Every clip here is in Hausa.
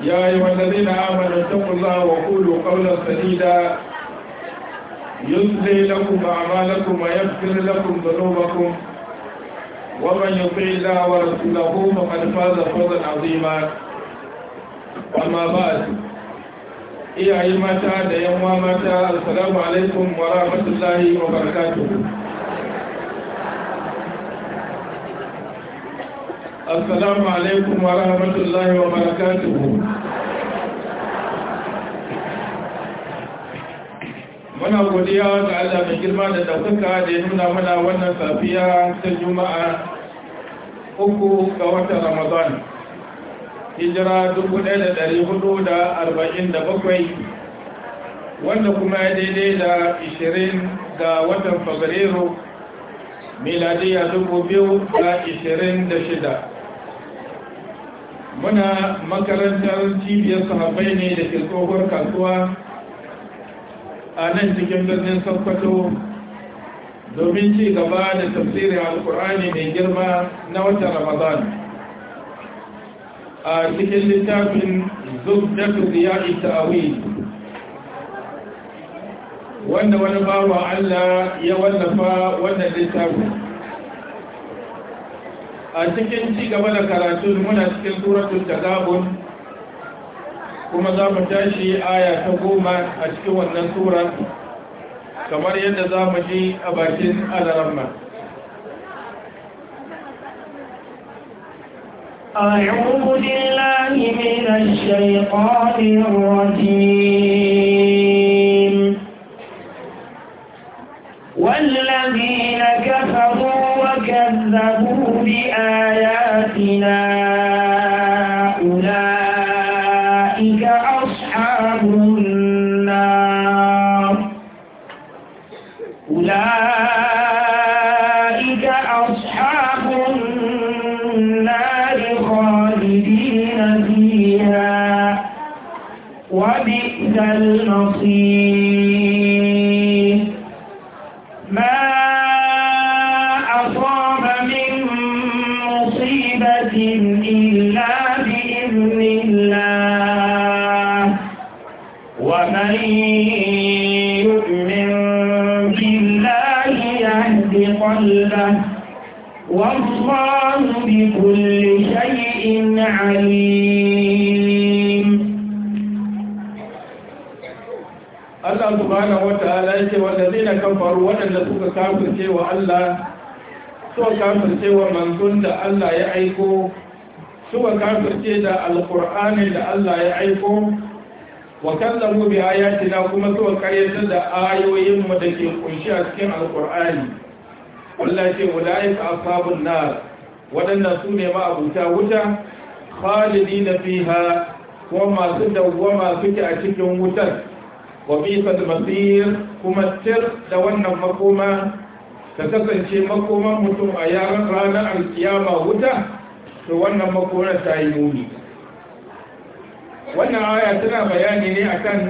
يا أيها الذين آمنوا اتقوا الله وقولوا قولا سديدا يصلي لكم أعمالكم ويغفر لكم ذنوبكم ومن يطع الله ورسوله فقد فاز فوزا عظيما أما بعد إيه متى ديوم متى السلام عليكم ورحمة الله وبركاته السلام عليكم ورحمة الله وبركاته muna godiya ga Allah mai girma da daukaka da ya nuna mana wannan safiya ta juma'a uku ga watan ramadan hijira 1447 wanda kuma ya daidai da 20 ga watan fabrairu da 2026 muna makarantar cibiyar sahabai ne da ke tsohuwar kasuwa a nan cikin birnin sokoto domin ci gaba da tafsirin alkur'ani mai girma na watan ramadan a cikin littafin zub da ziyari ta'awi wanda wani bawa allah ya wallafa wannan littafin a cikin ci gaba da karatu muna cikin suratul tagabun kuma za mu tashi aya ta goma a cikin wannan sura kamar yadda za mu ji a bakin alaramma والذين كفروا وكذبوا بآياتنا allazina kafaru waɗanda suka kafirce wa Allah suka kafirce wa manzon da Allah ya aiko suka kafirce da alqur'ani da Allah ya aiko wa kallamu bi ayatina kuma suka karyatar da ayoyin mu da ke kunshi a cikin Alƙur'ani wallahi ce ulaika ashabun nar waɗannan su ne ma'abuta wuta khalidina fiha kuma masu dawwama suke a cikin wutar wa bisa kuma tir da wannan makoma ta kasance makoman mutum a yaran ranar alkiyama wuta to wannan makonar ta yi muni wannan aya tana bayani ne akan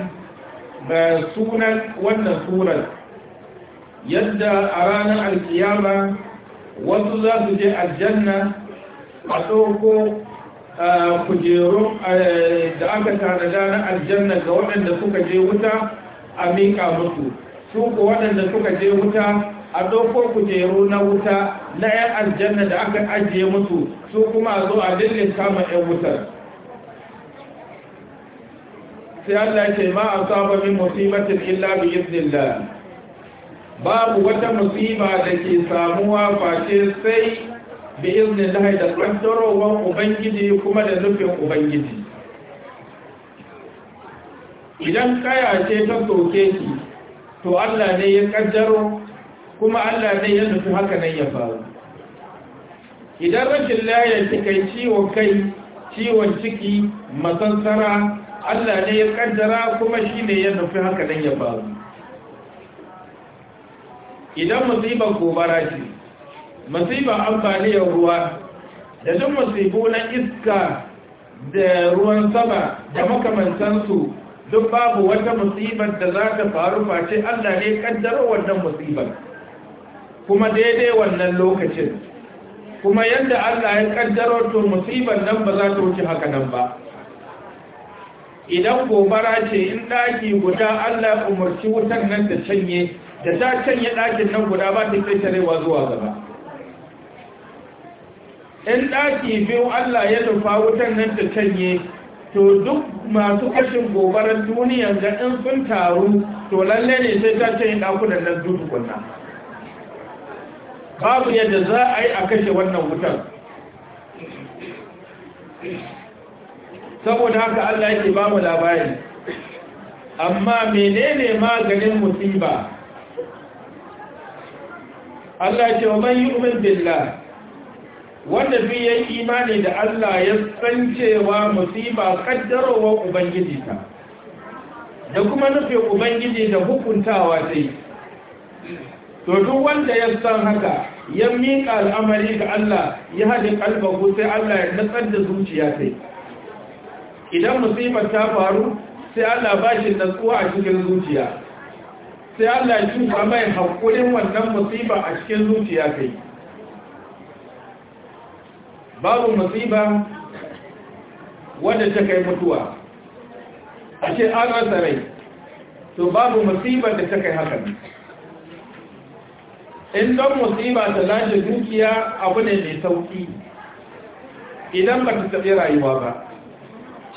eh, sunan wannan surar yadda a ranar alkiyama wasu za su je aljanna a tsoko eh, kujerun eh, da aka tanada na aljanna ga waɗanda suka je wuta a miƙa musu su ko waɗanda suka je wuta a ɗauko kujeru na wuta na 'yan aljanna da aka ajiye musu su kuma a zo a dillin kama 'yan wutar sai Allah ce ma a saba min musibatin illa bi iznillah babu wata musiba da ke samuwa face sai bi iznillah da kaddarowar ubangiji kuma da nufin ubangiji idan kaya ce ta soke shi, to Allah ne ya kaddaro kuma Allah ne ya nufi haka nan ya faru idan rashin laya kai ciwon kai ciwon ciki masansara Allah ne ya kaddara kuma shi ne ya nufi haka nan ya faru idan musibar gobara ce musibar ambaliyar ruwa da duk musibu na iska da ruwan sama da makamantansu duk babu wata musibar da za ta faru face Allah ne kaddara wannan musibar kuma daidai wannan lokacin kuma yadda Allah ya kaddara to musibar nan ba za ta wuce haka nan ba idan gobara ce in ɗaki guda Allah umarci wutar nan da canye da ta canye ɗakin nan guda ba ta kai tarewa zuwa gaba in ɗaki biyu Allah ya nufa wutar nan ta canye to duk masu kashin gobarar duniya ga in sun taru to lalle ne sai ta ce ɗakunan nan dutu babu yadda za a yi a kashe wannan wutar saboda haka Allah ke ba mu labari amma menene maganin musiba Allah ce wa man yi umar billah wanda duk yayi imani da Allah ya san cewa musiba kaddarowar ubangiji ta da kuma nufin ubangiji da hukuntawa sai to duk wanda ya san haka ya miƙa al'amari ga Allah ya haɗe kalbaku sai Allah ya nasar da zuciya sai idan musibar ta faru sai Allah ba shi natsuwa a cikin zuciya sai Allah ya tuka mai haƙurin wannan musiba a cikin zuciya sai babu masiba wadda ta kai mutuwa a ce an rasa rai to babu masiba da ta kai hakan in don masiba ta lashe dukiya abu ne mai sauki idan ba ta tafi rayuwa ba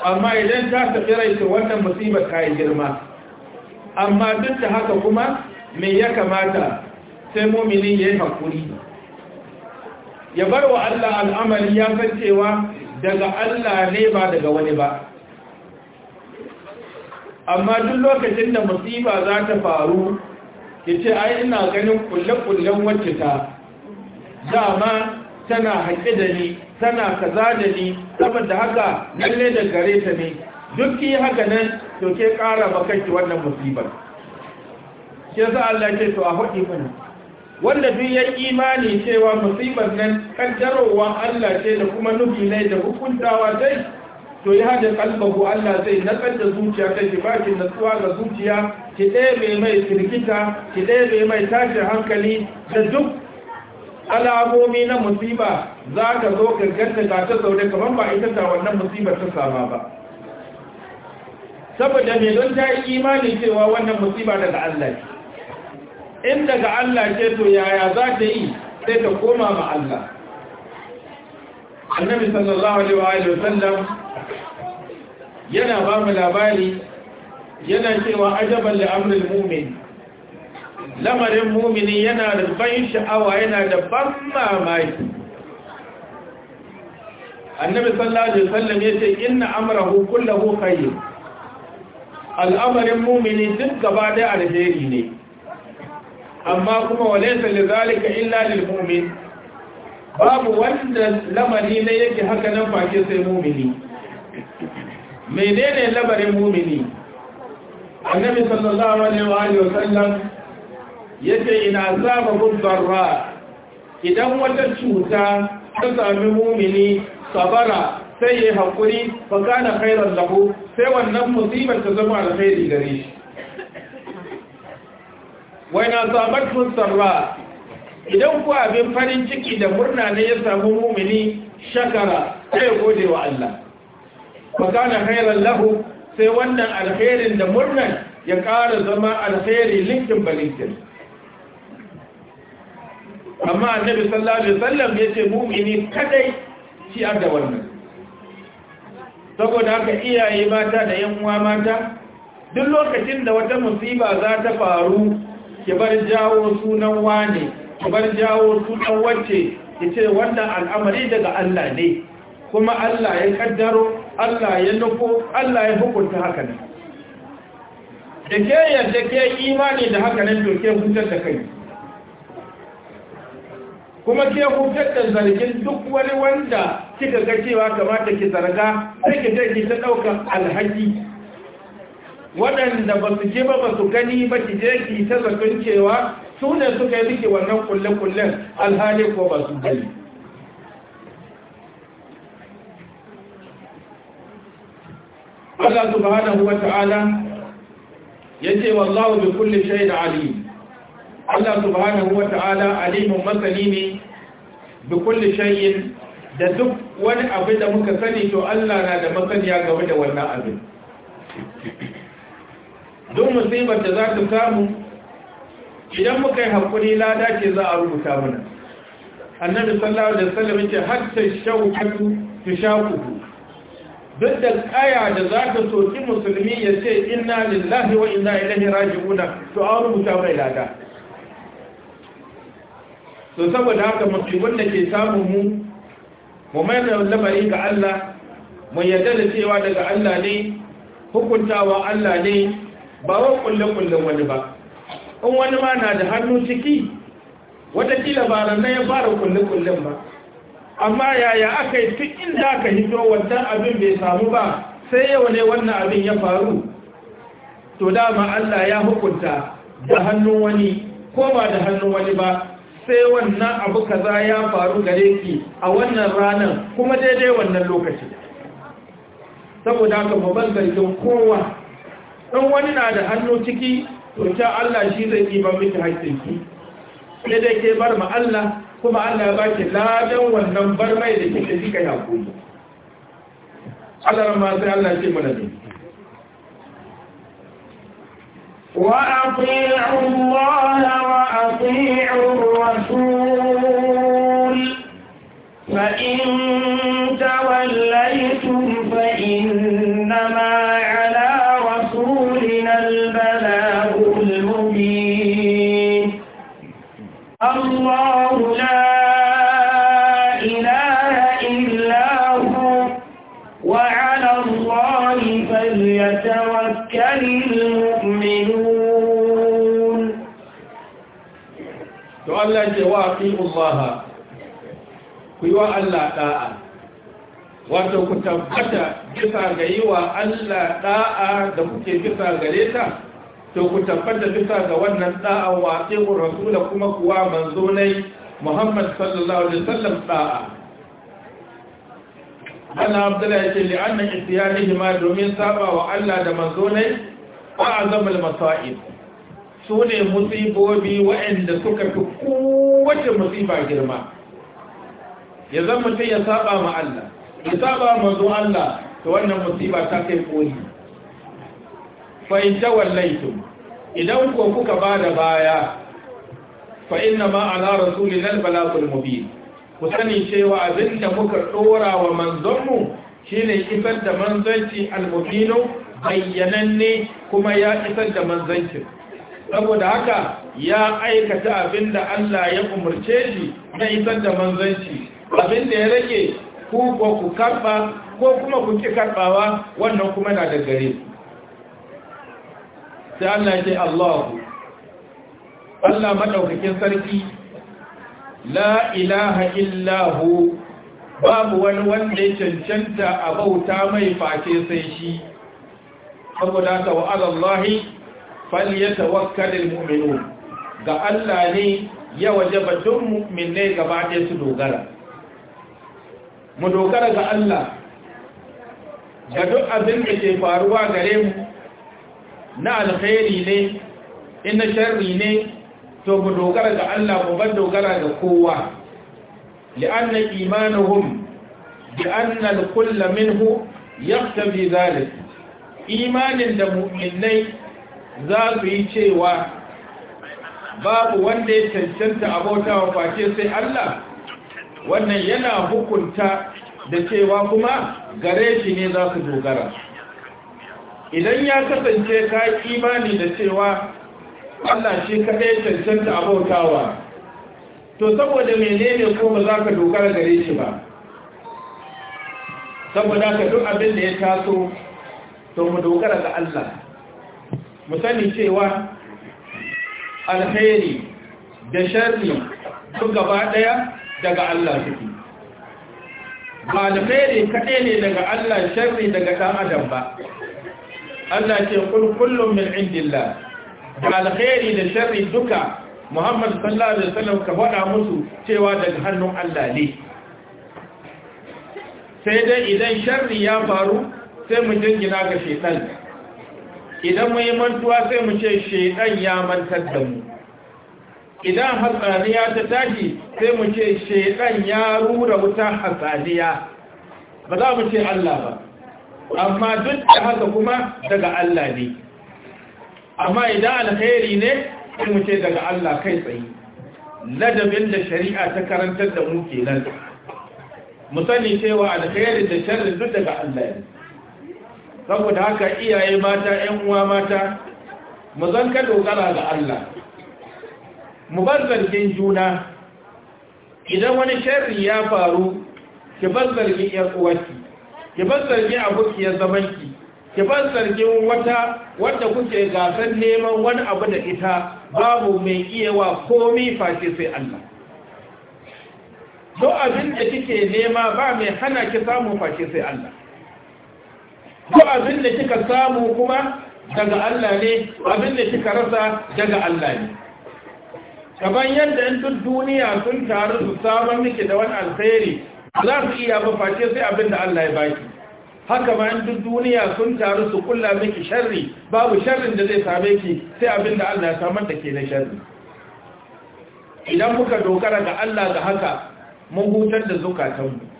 amma idan ta tafi rai ta wannan masiba ta yi girma amma duk da haka kuma me ya kamata sai mominin ya yi haƙuri ya bar wa Allah al'amari ya san cewa daga Allah ne ba daga wani ba amma duk lokacin da musiba za ta faru ki ce ai ina ganin kulle-kullen wacce ta dama tana haƙi da ni tana kaza da ni saboda haka lalle da gare ta ne duk ki haka nan to ke ƙara makanki wannan musibar shi yasa Allah ke to a haɗi mana wanda duk ya imani cewa musibar nan kaddarowa Allah ce da kuma nufi ne da hukuntawa dai to ya hada kalbahu Allah zai natsar da zuciya ta shi baki natsuwa ga zuciya ki ɗebe mai firgita ki ɗebe mai tashin hankali da duk alamomi na musiba za ka zo ka ganta ga ta zaune kamar ba ita ta wannan musibar ta sama ba saboda mai don ta yi imani cewa wannan musiba daga Allah ce in daga Allah ce to yaya za ta yi sai ta koma ma Allah annabi sallallahu alaihi wa sallam yana ba mu labari yana cewa ajaban li amril mu'min lamarin mumini yana da ban sha'awa yana da ban mamaki annabi sallallahu alaihi wasallam yace inna amrahu kulluhu khayr al'amarin mumini duk gaba da alheri ne amma kuma da zalika illa lil mu'min babu wanda lamari ne yake haka nan face sai mu'mini menene lamarin mu'mini annabi sallallahu alaihi wa sallam yace ina saba gubbarra idan wata cuta ta sami mu'mini sabara sai ya hakuri fa kana khairan lahu sai wannan musibar ta zama alkhairi gare shi wai na samar sarwa idan ku abin farin ciki da murna ne ya samu mumini shakara sai gode wa Allah fa kana khairan lahu sai wannan alkhairin da murnan ya ƙara zama alkhairi linkin balinkin amma annabi sallallahu alaihi wasallam ya ce mu'mini kadai shi da wannan saboda haka iyaye mata da yan uwa mata duk lokacin da wata musiba za ta faru ki bar jawo sunan wane ki bar jawo sunan wacce ki ce wannan al'amari daga Allah ne kuma Allah ya kaddaro Allah ya nufo Allah ya hukunta haka ne da ke yadda ke imani da haka nan to ke hutar da kai kuma ke hutar da zargin duk wani wanda kika ga cewa kamata ki zarga sai ki ta ɗaukar alhaki waɗanda ba su je ba ba su gani ba su je ki ta zaton cewa su ne suka yi miki wannan kulle-kullen alhali ko ba su gani Allah subhanahu wa ta'ala ce wallahu bi kulli shay'in alim Allah subhanahu wa ta'ala alimun masani ne bi kulli shay'in da duk wani abu da muka sani to Allah na da masaniya game da wannan abin duk musibar da za ta samu idan muka yi haƙuri lada ce za a rubuta mana annabi sallallahu alaihi wasallam yake hatta shawkatu tushaku duk da kaya da za ta soki musulmi ya ce inna lillahi wa inna ilaihi raji'un to a rubuta mai lada to saboda haka musibin da ke samu mu mu mai da lamari ga Allah mu yarda da cewa daga Allah ne hukuntawa Allah ne ba wa kulle-kullen wani ba in wani ma na da hannun ciki watakila ba na ya fara kulle-kullen ba amma yaya aka yi tun inda aka yi hito wancan abin bai samu ba sai yau ne wannan abin ya faru to dama Allah ya hukunta da hannun wani ko ba da hannun wani ba sai wannan abu kaza ya faru gare ki a wannan ranar kuma daidai wannan lokaci saboda haka babban zargin kowa Don wani na da hannu ciki to ta Allah shi zai yi ba miki haƙƙinki sai dai ke bar ma Allah kuma Allah ba ki ladan wannan bar mai da kike kika yi hakuri Allah ma sai Allah ce mana ne wa aqi'u Allah wa aqi'u rasul Allah ce wa fi Allah ku yi wa Allah da'a wato ku tabbata bisa ga yi wa Allah da'a da kuke bisa gare ta to ku tabbata bisa ga wannan da'a wa fi rasula kuma kuwa manzo ne Muhammad sallallahu alaihi wasallam da'a Allah Abdullahi yake anna isyanihi ma domin saba wa Allah da manzo ne wa azamul masa'ib su ne musibobi waɗanda suka fi kowace masifa girma ya zan mutum ya saba ma Allah ya saba ma zo Allah to wannan masifa ta kai koli fa in idan ko kuka ba da baya fa'inna inna ma ala rasulina albalagul mubin ku sani cewa abin da muka dora wa manzonmu shine isar da manzanci almubino bayyananne kuma ya isar da manzancin saboda haka ya aikata abin da Allah ya umarce shi na isar da manzanci abin da ya rage ku ko ku karba ko kuma ku ki karɓawa, wannan kuma na da gare sai Allah ya ce Allahu Allah madaukakin sarki la ilaha illahu babu wani wanda ya cancanta a bauta mai face sai shi saboda ta wa'adallahi fal yatawakkalul mu'minun ga Allah ne ya wajaba duk mu'minai gaba ɗaya su dogara mu dogara ga Allah ga duk abin da ke faruwa gare mu na alkhairi ne ina sharri ne to mu dogara ga Allah mu ban dogara ga kowa li'anna imanuhum bi anna al-kull minhu yaqtabi dhalik imanin da mu'minai za su yi cewa babu wanda ya cancanta abota wa face sai Allah wannan yana hukunta da cewa kuma gare shi ne za su dogara idan ya kasance ka imani da cewa Allah shi kaɗai cancanta abotawa. to saboda menene ko ba za ka dogara gare shi ba saboda ka duk abin da ya taso to mu dogara ga Allah mu sani cewa Alheri da sharri duk gaba daya daga Allah suke ba alheri kaɗai ne daga Allah sharri daga ɗan adam ba Allah ce kul kullum min indillah da alheri da sharri duka Muhammad sallallahu alaihi wasallam ka faɗa musu cewa daga hannun Allah ne sai dai idan sharri ya faru sai mu jingina ga shekaru. idan mu yi mantuwa sai mu ce shaidan ya mantar da mu idan hatsaniya ta tashi sai mu ce shaidan ya rura wuta hatsaniya ba za mu ce Allah ba amma duk da haka kuma daga Allah ne amma idan alkhairi ne sai mu ce daga Allah kai tsaye ladabin da shari'a ta karantar da mu kenan mu sani cewa alkhairi da sharri duk daga Allah ne saboda haka iyaye mata ‘yan uwa mata mu zanka dogara ga Allah mu bar zargin juna idan wani sharri ya faru ki bar zargin ‘yan uwarki ki bar zargin abokiyar zamanki ki bar zargin wata wadda kuke gasar neman wani abu da ita babu mai iyawa komi face sai Allah Zo abin da kike nema ba mai hana ki samu face sai Allah ko abin da kika samu kuma daga Allah ne abin da kika rasa daga Allah ne kaban yadda in duk duniya sun taru su samar miki da wani alheri, za su iya ba face sai abin da Allah ya baki haka ma in duk duniya sun taru su kulla miki sharri babu sharrin da zai same ki sai abin da Allah ya samar da ke na sharri idan muka dogara ga Allah ga haka mun hutar da zukatanmu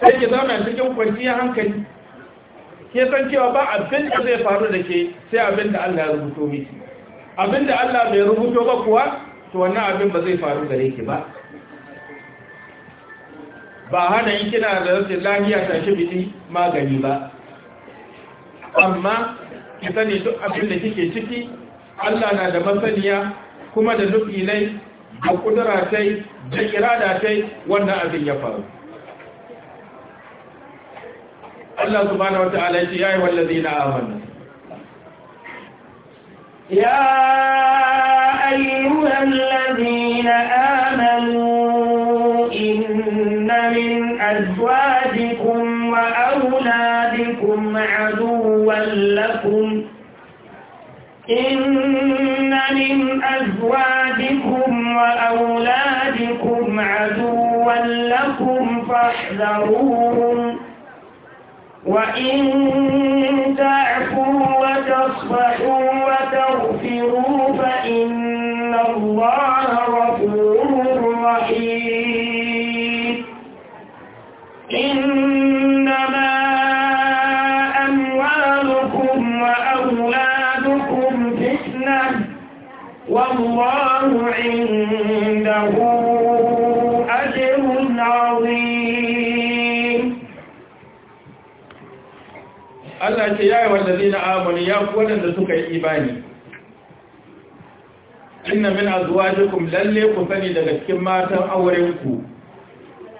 sai ki zauna cikin kwanciyar hankali ke san cewa ba abin da zai faru da ke sai abin da Allah ya rubuto miki abin da Allah bai rubuto ba kuwa to wannan abin ba zai faru gare ki ba ba hana in kina da rashin lafiya ta shi bidi magani ba amma ki sani duk abin da kike ciki Allah na da masaniya kuma da duk ilai da kudura sai, da irada sai, wannan abin ya faru الله سبحانه وتعالى يا أيها الذين آمنوا يا أيها الذين آمنوا إن من أزواجكم وأولادكم عدوا لكم إن من أزواجكم وأولادكم عدوا لكم فاحذروهم وإن تعفوا وتصفحوا وتغفروا فإن الله غفور رحيم إنما أموالكم وأولادكم فتنة والله عنده Allah ce ya yi wallazi na amuri ya fi waɗanda suka yi imani inna min jikun lalle ku sani daga cikin matan aurenku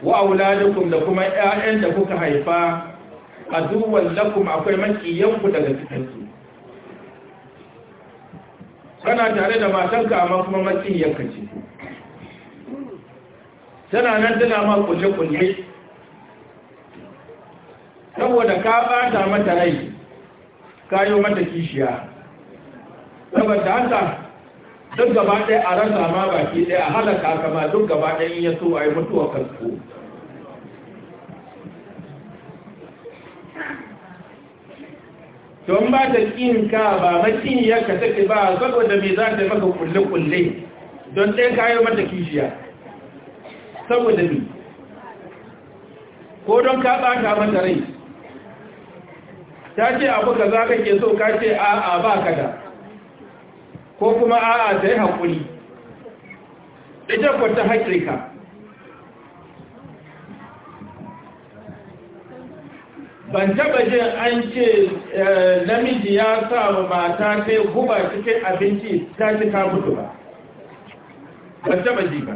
wa auladukum da kuma ‘ya’yan da kuka haifa a zuwan lakum akwai yanku daga cikinsu. kana tare da matanka amma kuma makiyanka ce tana nan tana ma kulle kulle saboda ka bata mata rai kayo mata kishiya saboda haka duk gaba ɗaya a rasa ma baki ɗaya a halaka kama duk gaba ɗaya in ya so a yi mutuwa kasko don ba ta ka ba ka take ba saboda mai za ta yi maka kulle-kulle don ɗaya kayo mata kishiya saboda ni ko don ka ɓata mata rai ta ce abu ka za ka ke so ka ce a'a ba ka da ko kuma a'a ta yi haƙuri ita kwata ta haƙiƙa ban taɓa jin an ce eh, namiji ya sa mata ta guba cikin abinci ta ci ka mutu ba ban taɓa ji ba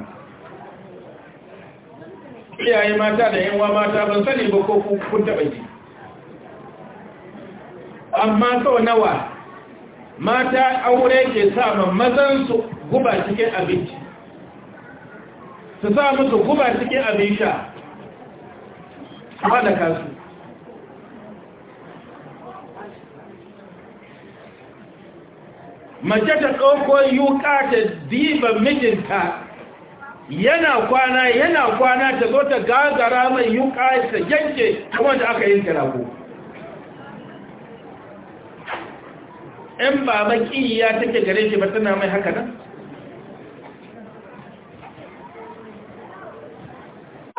iyaye mata da wa mata ban sani ba ko kun taɓa ji amma sau nawa mata aure ke sa mazan su guba cikin abinci su sa musu guba cikin abinci, sha da kasu mace ta ɗauko yuka ta diba mijinta yana kwana yana kwana ta zo ta gagara mai yuka ta yanke kamar da aka yin tarako ‘yan ba ƙiyya take gare shi ba tana mai haka nan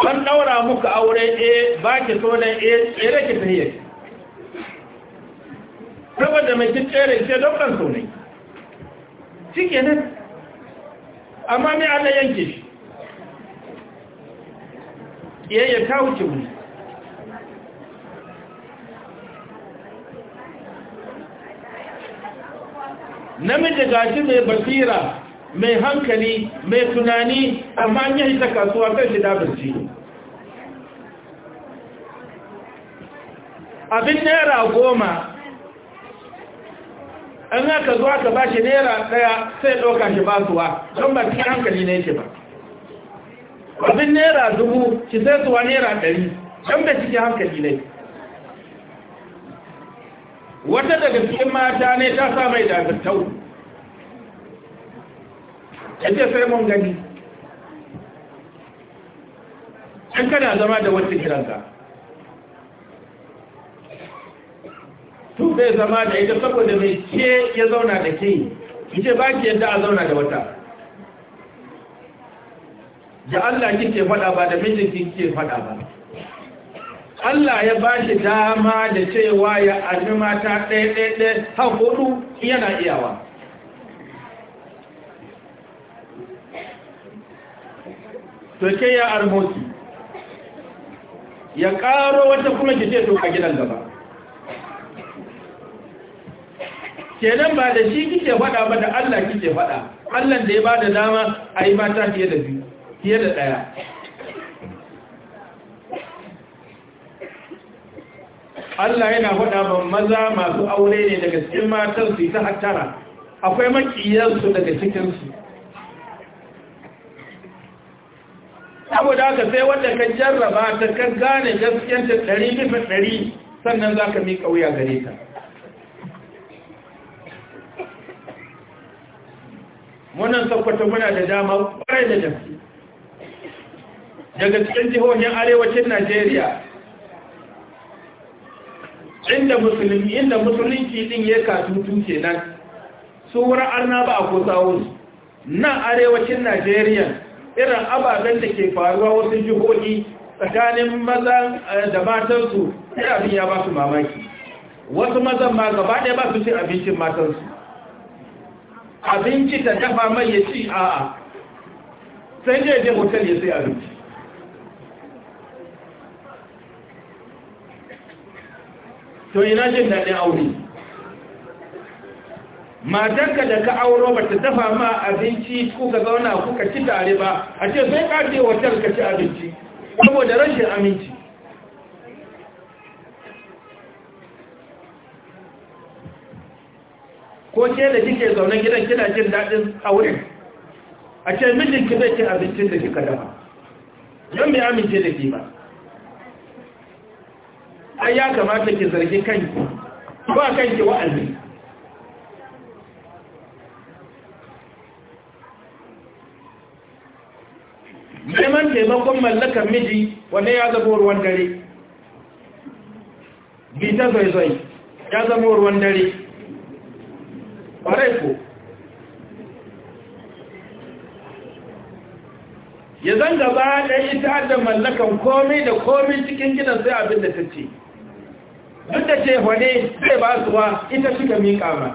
Ban ɗaura muku aure a eh, ba ki so na a eh, tsere ki tahiyar saboda mai ki tsere ce don kan so ne shi ke nan amma mai ana yanke shi iyayyar ta wuce wuce. namiji gashi mai basira mai hankali mai tunani amma an yi ta kasuwa kan shi dabinci abin naira goma an haka zuwa ka ba shi naira daya sai ɗauka shi basuwa don ba cikin hankali ne yake ba abin naira dubu ki sai suwa naira ɗari don ba cikin hankali ne wata daga cikin mata ne ta sa mai dagattau yadda sai mun gani an kana zama da wata gidanka tun bai zama da ita saboda mai ke ya zauna da ke ce ba ki yadda a zauna da wata da Allah kike faɗa ba da mijinki kike faɗa ba Allah ya ba shi dama da cewa ya armi mata ɗaya har hudu yana iyawa ke ya armoti, ya ƙaro wata kuma ke ce to a gidan gaba kenan ba da shi kike faɗa ba da Allah kike faɗa Allah da ya ba da dama a yi mata fiye da biyu fiye da ɗaya Allah yana faɗa ba maza masu aure ne daga cikin matan su ta hattara akwai makiyarsu daga cikinsu saboda aka sai wanda ka jarraba ta ka gane gaskiyanta ɗari bisa ɗari sannan za ka miƙa wuya gare ta wannan sakwata muna da dama ƙwarai da gaske daga cikin jihohin arewacin najeriya inda musulmi inda musulunci din ya katutu nan, su wura arna ba a kusawo nan arewacin najeriya irin ababen da ke faruwa wasu jihohi tsakanin maza eh, da matansu sai abin ya ba su mamaki wasu mazan ma gaba ɗaya ba su cin abincin matansu abinci ta dafa mai ya ci a'a sai je je hotel ya sai abinci to ina jin daɗin aure matanka da ka auro ba ta dafa ma abinci kuka zauna kuka ci tare ba a ce sai ka je ka ci abinci saboda rashin aminci ko ke da kike zaune gidan kina jin daɗin aure a ce mijinki zai ci abincin da kika dafa don mai amince da ke ba ai ya kamata ki zargi kanki ba kanki wa'azi neman taimakon mallakar miji wanda ya zama ruwan dare bi ta zai ya zama ruwan dare ƙwarai ko ya zan gaba ɗaya ita da mallakan komai da komai cikin gidan sai abin da ta ce duk da ce wane zai ba su wa ita suka miƙa ma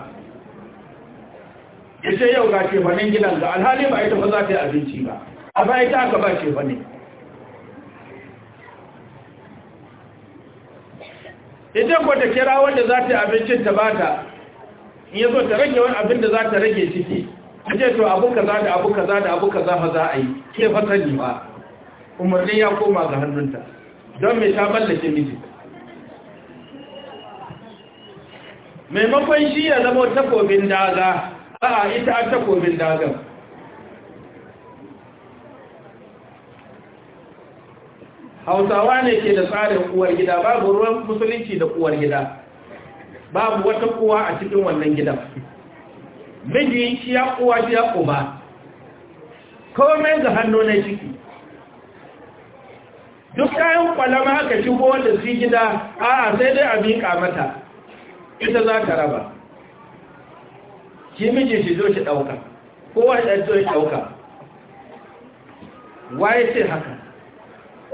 ya ce yau ga ce wanen gidan ga alhali ba ita ba za ta yi abinci ba a ba ita aka ba ce wane ita ko ta kira wanda za ta yi abincin ta ba ta in ya zo ta rage wani abin da za ta rage ciki a ce to abu kaza da abu kaza da abu kaza ma za a yi ke fasani ba umarni ya koma ga hannunta don mai ta mallake miji maimakon shi ya zama takobin daga a ita a takobin daga hausawa ne ke da tsarin uwar gida babu ruwan musulunci da uwar gida babu wata kuwa a cikin wannan gidan miji shi ya uwa shi ya uba komai ga hannu na ciki duk kayan kwalama ka shigo wanda su gida a sai dai a miƙa mata ita za ka raba shi miji shi zo shi ɗauka kowa shi zo shi ɗauka waye ce haka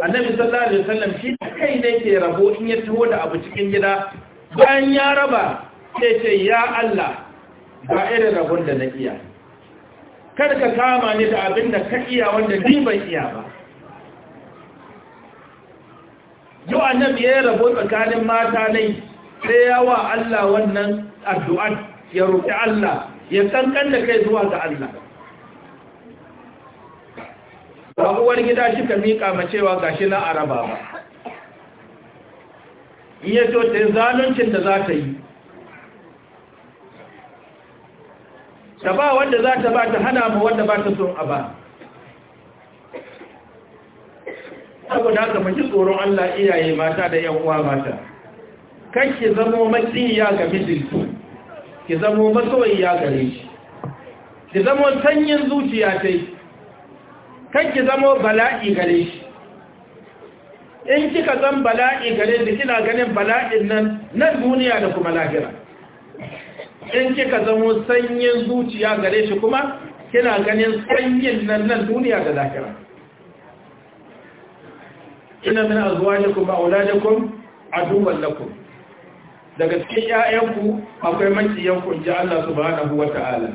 annabi sallallahu alaihi wasallam shi kai ne ke rabo in ya taho da abu cikin gida bayan ya raba sai ce ya Allah ba irin rabon da na iya kar ka kama ni da abin da ka iya wanda ni ban iya ba yau annabi ya rabo tsakanin mata ne sai yawa Allah wannan addu'ar ya roƙi Allah ya kankan da kai zuwa ga Allah ba gida shi ka miƙa ma cewa shi na araba ba in ya so ta zaluncin da za ta yi ta ba wanda za ta ba ta hana ma wanda ba ta son a ba saboda haka mu tsoron Allah iyaye mata da yan uwa mata kan ki zamo matsiya ga mijinki ki zamo masoyiya gare shi ki zamo sanyin zuciya ta kan ki zamo bala'i gare shi in kika zan bala'i gare da kina ganin bala'in nan na duniya da kuma lahira in kika zamo sanyin zuciya gare shi kuma kina ganin sanyin nan na duniya da lahira ina min azwajikum wa auladikum aduwwan lakum daga cikin ‘ya'yanku akwai maciyanku ji Allah su ba na ta'ala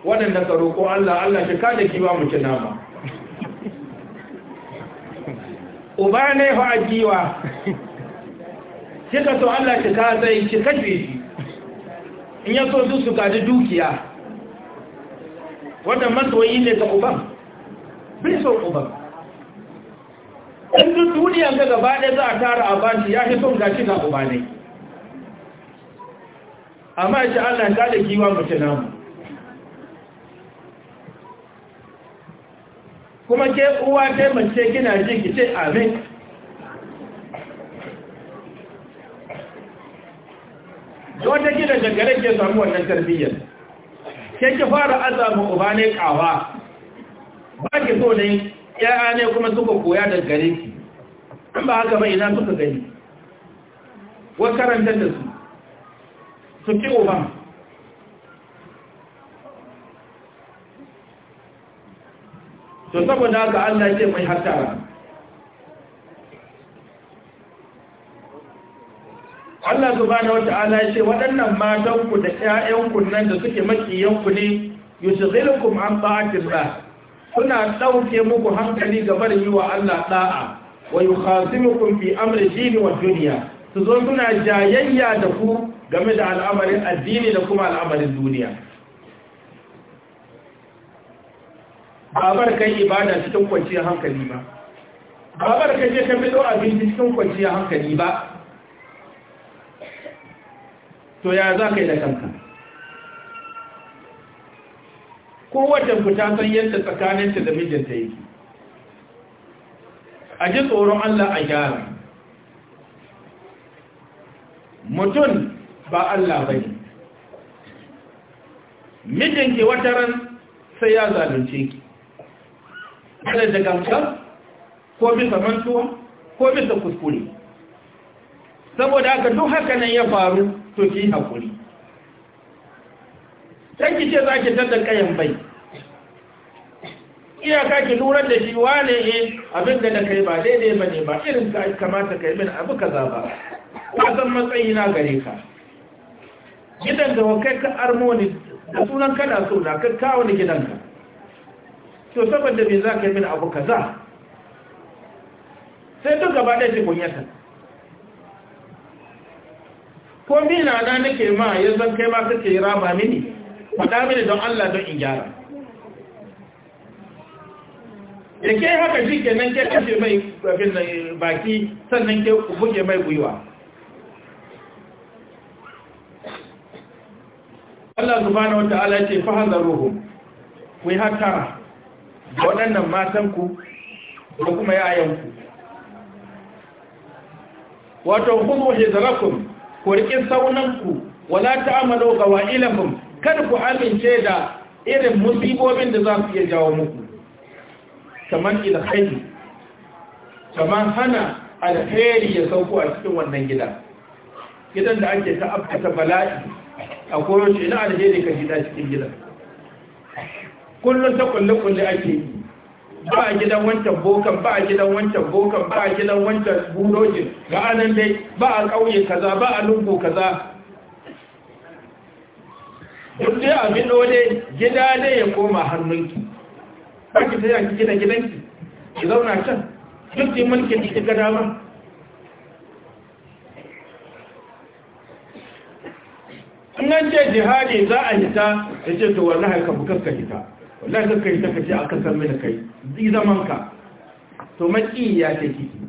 waɗanda ka roƙo Allah Allah shi kada kiwa ci nama uba ne fa a kiwa ka so Allah shi ka zai shi ka shi in ya so su gaji dukiya wanda masoyi ne ga uban bai so uban in duk duniya ga gaba ɗaya za a tara a bashi ya fi son gashi ga uba ne amma shi Allah ta da giwa mace namu kuma ke uwa ke mace kina ji ki ce amin wata ki daga gare ke samu wannan tarbiyyar ke ki fara azamu uba ne kawa ba ki so ne ya'ya ne kuma suka koya da gare ki ba haka mai ina suka gani wa karanta da su su ki obama to saboda haka allah ce mai hattara allah subhanahu wa ta'ala ya ce waɗannan matanku da 'ya'yanku nan da suke makiyanku ne yushghilukum an ba? suna ɗauke muku hankali ga barin yi wa Allah ɗa'a wa yukhasimukum fi amri dini wa duniya su zo suna jayayya da ku game da al'amarin addini da kuma al'amarin duniya babar kai ibada cikin kwanciyar hankali ba babar kai je ka bido abinci cikin kwanciyar hankali ba to ya za ka yi da kanka kowace fita san yadda tsakaninta da mijinta yake a ji tsoron allah a gyara mutum ba Allah ba ne mijinki wata ran sai ya zalunce ki sai da gamsar ko bisa mantuwa ko bisa kuskure saboda haka duk haka nan ya faru to ki hakuri sai ki ce za ki kayan bai iyaka ki lura da shi wane ne eh, abin da kai ba daidai ba ne ba irin ka kamata kai min abu kaza ba ka matsayi na gare ka gidan da kai ka armo da sunan kana so ka kawo ni gidanka to saboda me za ka yi mini abu kaza sai duk gaba ɗaya ce kunyata ko mina na nake ma ya zan kai ma kake raba mini faɗa mini don Allah don in gyara da ke haka shi nan ke kashe mai eh, baki sannan ke buge mai gwiwa Allah subhanahu wata'ala ce fahadaruhum ku hattara da waɗannan matanku ku da kuma yayan wato khudhu hidrakum ku riƙi saunan ku wala ta'amalu gawailakum kada ku amince da irin musibobin da za su iya jawo muku kamar ilhaji kamar hana alheri ya sauko a cikin wannan gida gidan da ake ta ta'abta bala'i a koyaushe ina alheri ka gida cikin gida kullum ta kulle-kulle ake yi ba a gidan wancan bokan ba a gidan wancan bokan ba a gidan wancan burojin ga anan dai ba a ƙauye kaza ba a lungu kaza duk dai abin dole gida dai ya koma hannunki ba ki ta yanki gina gidanki ki zauna can duk ji mulkin ki ga dama in ce jihadi za a hita ya ce to wani ka bukar ka hita wani ka yi ta kaji a kasar mini kai zai zaman ka to maki ya ce kiki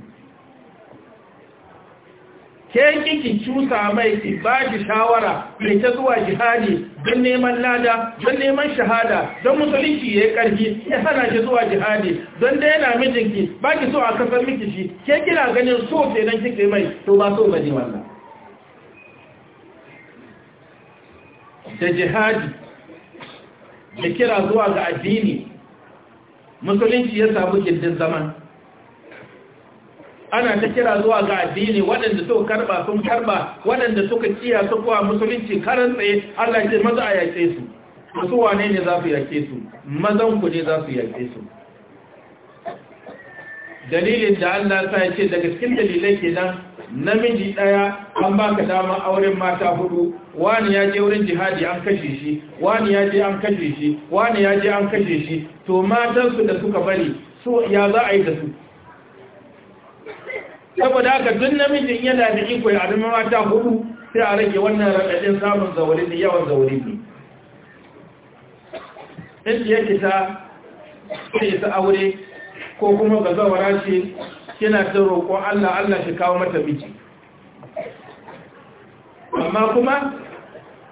ke kiki cusa mai ba ki shawara mai ta zuwa jihadi don neman lada don neman shahada don musulunci ya yi ƙarfi ya hana shi zuwa jihadi don da yana mijinki ba ki so a kasar miki shi ke kina ganin so ke nan kike mai to ba so ba ne wannan da jihadi da kira zuwa ga addini musulunci ya samu gindin zaman ana ta kira zuwa ga addini waɗanda suka karɓa sun karɓa, waɗanda suka ciya su kuwa musulunci karan tsaye Allah ce maza a yake su su wane ne za su yake su mazan ku ne za su yake su dalilin da Allah ta ce daga cikin dalilai ke nan namiji ɗaya an baka dama auren mata hudu wani ya je wurin jihadi an kashe shi wani ya je an kashe shi wani ya je an kashe shi to matansu da suka bari su ya za a yi da su saboda haka duk namiji yana da iko ya armi mata hudu sai a rage wannan raɗaɗin samun zaure ne yawan zaure ne in yake ta sai ta aure ko kuma ga zawara ce kina ta roƙo Allah Allah shi kawo mata miji amma kuma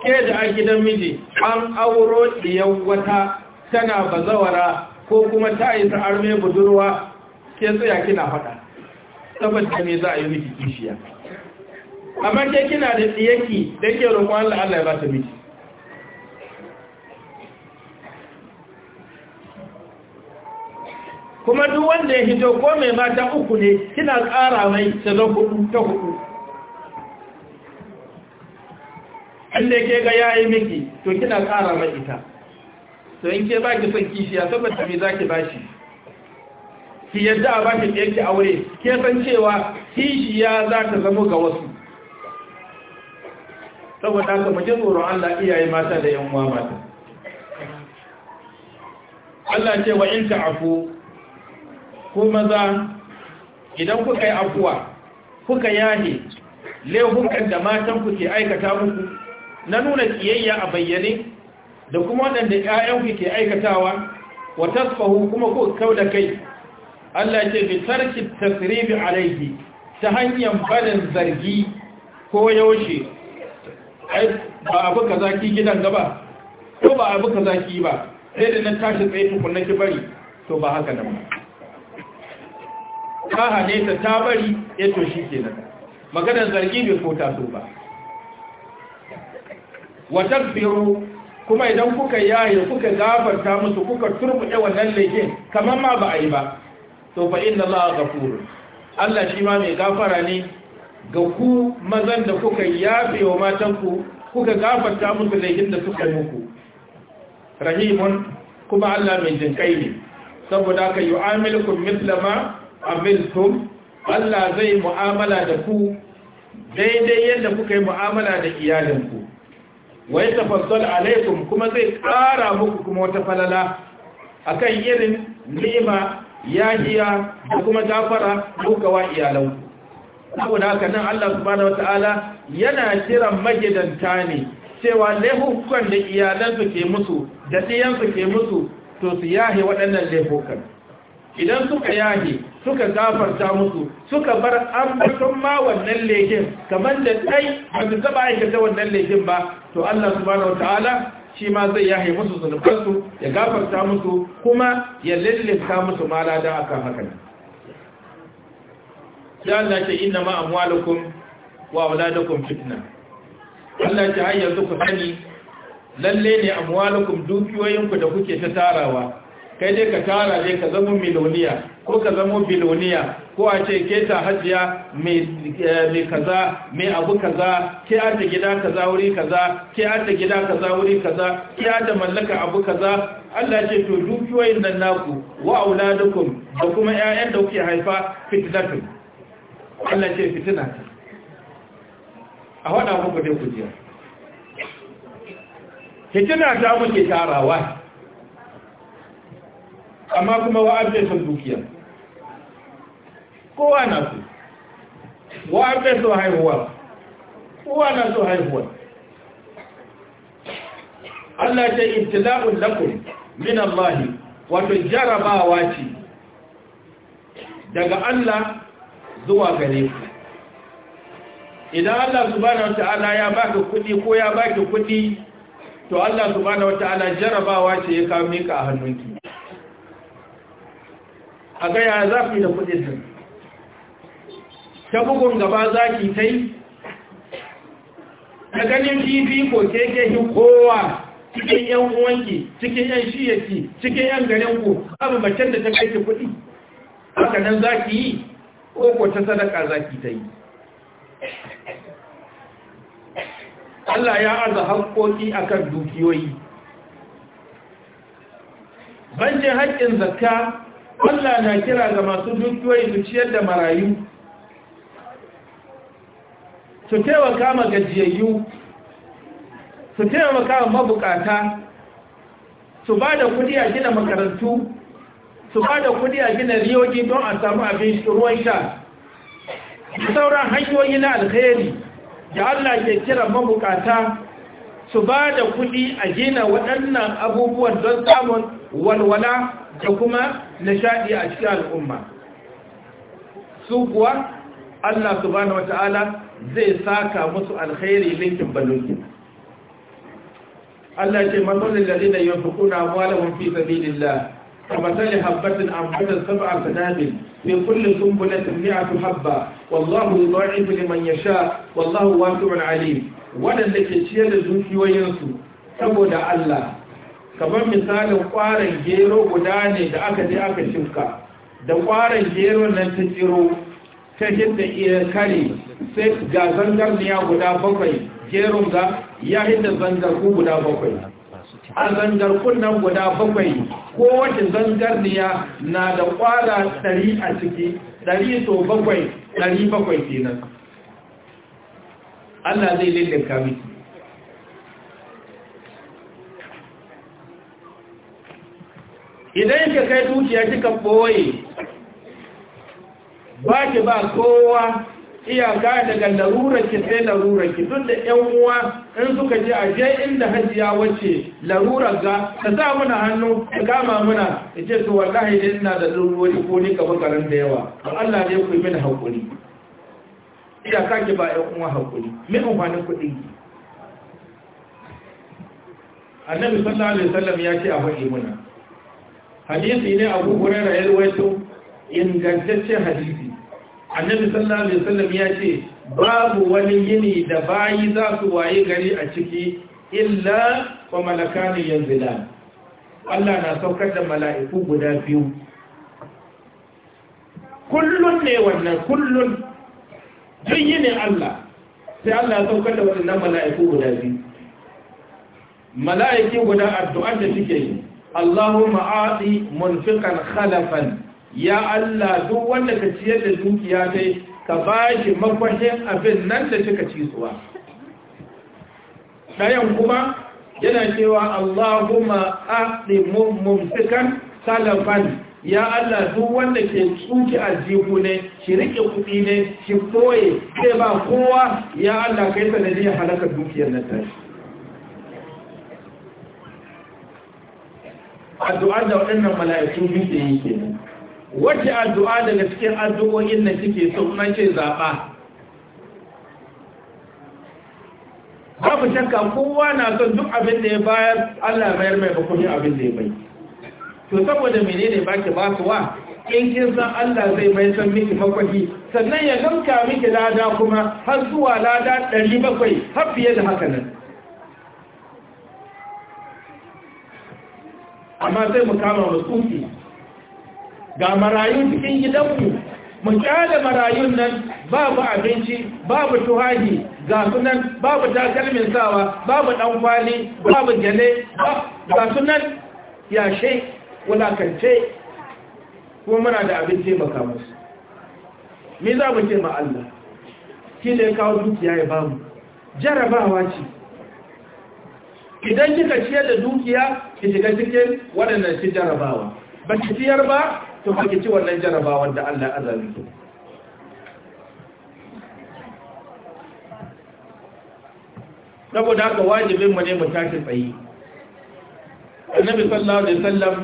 ke da a gidan miji an auro ɗiyan wata tana bazawara ko kuma ta yi ta arme budurwa ke tsaya kina faɗa saboda me za a yi miki kishiya amma ke kina da tsiyaki da ke roƙon Allah Allah ya ba ta miji kuma duk wanda ya hito ko mai mata uku ne kina ƙara mai ta hudu ta hudu inda ke ga yayi miki to kina ƙara mai ita to in ke ba ki son kishiya saboda me za ki ba shi ki yadda a baki da yake aure ke san cewa kishiya za ta zama ga wasu saboda haka mu tsoron Allah iyaye mata da yan uwa mata Allah ce wa in ta'fu ko maza idan kuka yi afuwa kuka yahe laifukan da matanku ke aikata muku na nuna kiyayya a bayyane da kuma waɗanda 'ya'yanku ke aikatawa wa tasfahu kuma ku da kai Allah ce bi tarki tasribi alaihi ta hanyar barin zargi ko yaushe ba abu ka zaki gidan gaba ko ba abu ka zaki ba sai da na tashi tsaye tukunna ki bari to ba haka nan ba ka hane ta ta bari ya to shi ke nan maganar zargi bai ko taso ba wata biro kuma idan kuka yaye kuka gafarta musu kuka turbuɗe wannan laifin kamar ma ba a yi ba to fa inna Allah ghafurun Allah shi ma mai gafara ne ga ku mazan da kuka yafe wa matanku kuka gafarta musu laifin da suka muku rahimun kuma Allah mai jinkai ne saboda ka yi amilkun mislama mu'amilkum Allah zai mu'amala da ku daidai yadda kuka yi mu'amala da iyalinku wa ya tafassal alaikum kuma zai kara muku kuma wata falala akan irin ni'ima yahiya da kuma gafara duka wa iyalanku saboda haka nan Allah subhanahu wataala yana kiran magidanta ne cewa laifukan da iyalansu ke musu da ɗiyansu ke musu to su yahe waɗannan laifukan idan suka yahe suka gafarta musu suka bar ambaton ma wannan lekin kamar da dai ba su taba aikata wannan lekin ba to Allah subhanahu wataala shi ma zai yahe musu zunubansu ya gafarta musu kuma ya lillita musu ma lada aka haka ya Allah ce inna ma amwalukum wa auladukum fitna Allah hayyar ku sani lalle ne amwalukum dukiyoyinku da kuke ta tarawa kai dai ka tara dai ka zama miloniya ko ka zama biloniya ko a ce ke ta hajiya mai eh, kaza mai abu kaza ke an gida kaza wuri kaza ke an gida kaza wuri kaza ke an mallaka abu kaza Allah ce to dukiyoyin nan naku wa auladukum da kuma ƴaƴan da kuke haifa fitnatun Allah ce fitina a ku muku ku kujiya fitina ta muke tarawa amma kuma wa'ad bai son dukiya kowa na su wa'ad bai son haihuwa kowa na so haihuwa Allah ta ibtila'un lakum min Allah wato jarabawa ce daga Allah zuwa gare ku idan Allah subhanahu wata'ala ya baka kuɗi ko ya baki kuɗi to Allah subhanahu wata'ala jarabawa ce ya kawo mika a hannunki a gaya za ku yi da kudin nan ta bugun gaba za ki ta yi ta ganin tv ko keke hin kowa cikin yan uwanki cikin yan shiyaki cikin yan garinku abu macen da ta kai ki kudi haka nan za ki yi ko ko ta sadaka za ki ta yi Allah ya arza haƙoƙi akan dukiyoyi. banje haƙƙin zakka Allah na kira ga masu dukiyoyi su ciyar da marayu su taimaka ma gajiyayyu su taimaka ma mabukata su ba da kudi a gina makarantu su ba da kudi a gina riyogi don a samu abin ruwan sha su sauran hanyoyi na alkhairi da Allah ke kira mabukata su ba da kudi a gina waɗannan abubuwan don samun walwala da kuma nishaɗi a cikin al'umma su kuwa Allah subhanahu wata'ala zai saka musu alkhairi linkin balogi Allah ce manzolin lalin da yin hukuna walawun fi sabidinla kama tsali habbatin amfanin saba'a sanabin Mai kullum sun bula tambiya su habba wallahu zuwa ibi liman ya sha wallahu wasu wani alim waɗanda ke ciyar da zuciyoyinsu saboda Allah kamar misalin ƙwaron gero guda ne da aka je aka shinka, da ƙwaron gero nan ta tsiro ta hinta iya kare sai ga zangarniya guda bakwai gero ga ya hidda zangarku guda bakwai a zangarkun nan guda bakwai kowace zangarniya na da ƙwara ɗari a ciki ɗari so bakwai ɗari bakwai kenan Allah zai lullunka miki idan ka kai dukiya kika boye ba ki ba kowa iyaka daga larurarki sai larurarki duk da yan uwa in suka je a je inda hajiya wace larurar ga ta sa muna hannu ta kama muna ta ce su wallahi dai ina da larurori ko ni gaba karan da yawa to Allah ne ku yi mini haƙuri iyaka ki ba yan uwa haƙuri min amfanin kuɗi annabi sallallahu alaihi wasallam ya ce a faɗi muna hadisi ne abu hurairar ya ruwaito ingantaccen hadisi annabi sallallahu alaihi wasallam ya ce babu wani yini da bayi za su waye gari a ciki illa wa malakani yanzila Allah na saukar da mala'iku guda biyu kullun ne wannan kullun duk yini Allah sai Allah ya saukar da waɗannan mala'iku guda biyu mala'iki guda addu'ar da suke yi Allahumma aati munfiqan khalafan ya Allah duk wanda ka ciyar da dukiya dai ka bashi makwashin abin nan da suka ci suwa dayan kuma yana cewa Allahumma aati munfiqan khalafan ya Allah duk wanda ke tsuki aljihu ne shi rike kuɗi ne shi koye sai ba kowa ya Allah kai sanadiyar halakar dukiyar nan tashi addu'ar da waɗannan mala'iku biyu da wacce addu'a daga cikin addu'o'in da suke so na ce zaɓa babu shakka kowa na son duk abin da ya bayar Allah bayar mai ba kuma abin da ya bai to saboda menene baki ba su wa in kin san Allah zai bai san miki makwafi sannan ya gamka miki lada kuma har zuwa lada 700 har fiye da haka nan amma sai mu kama mu tsufi ga marayun cikin gidanmu mu kyale marayun nan babu abinci babu tuhahi ga sunan babu takalmin sawa babu dan kwali babu gele, ga sunan yashe wulakance kuma muna da abin kama musu me za mu ce ma Allah shi ne kawo dukiya ya mu jarabawa ce idan kika ciyar da dukiya ki shiga cikin waɗannan shi jarabawa ba ki ciyar ba to ba ki ci wannan da Allah azami to saboda haka wajibin mu ne mu tashi tsayi annabi sallallahu alaihi wasallam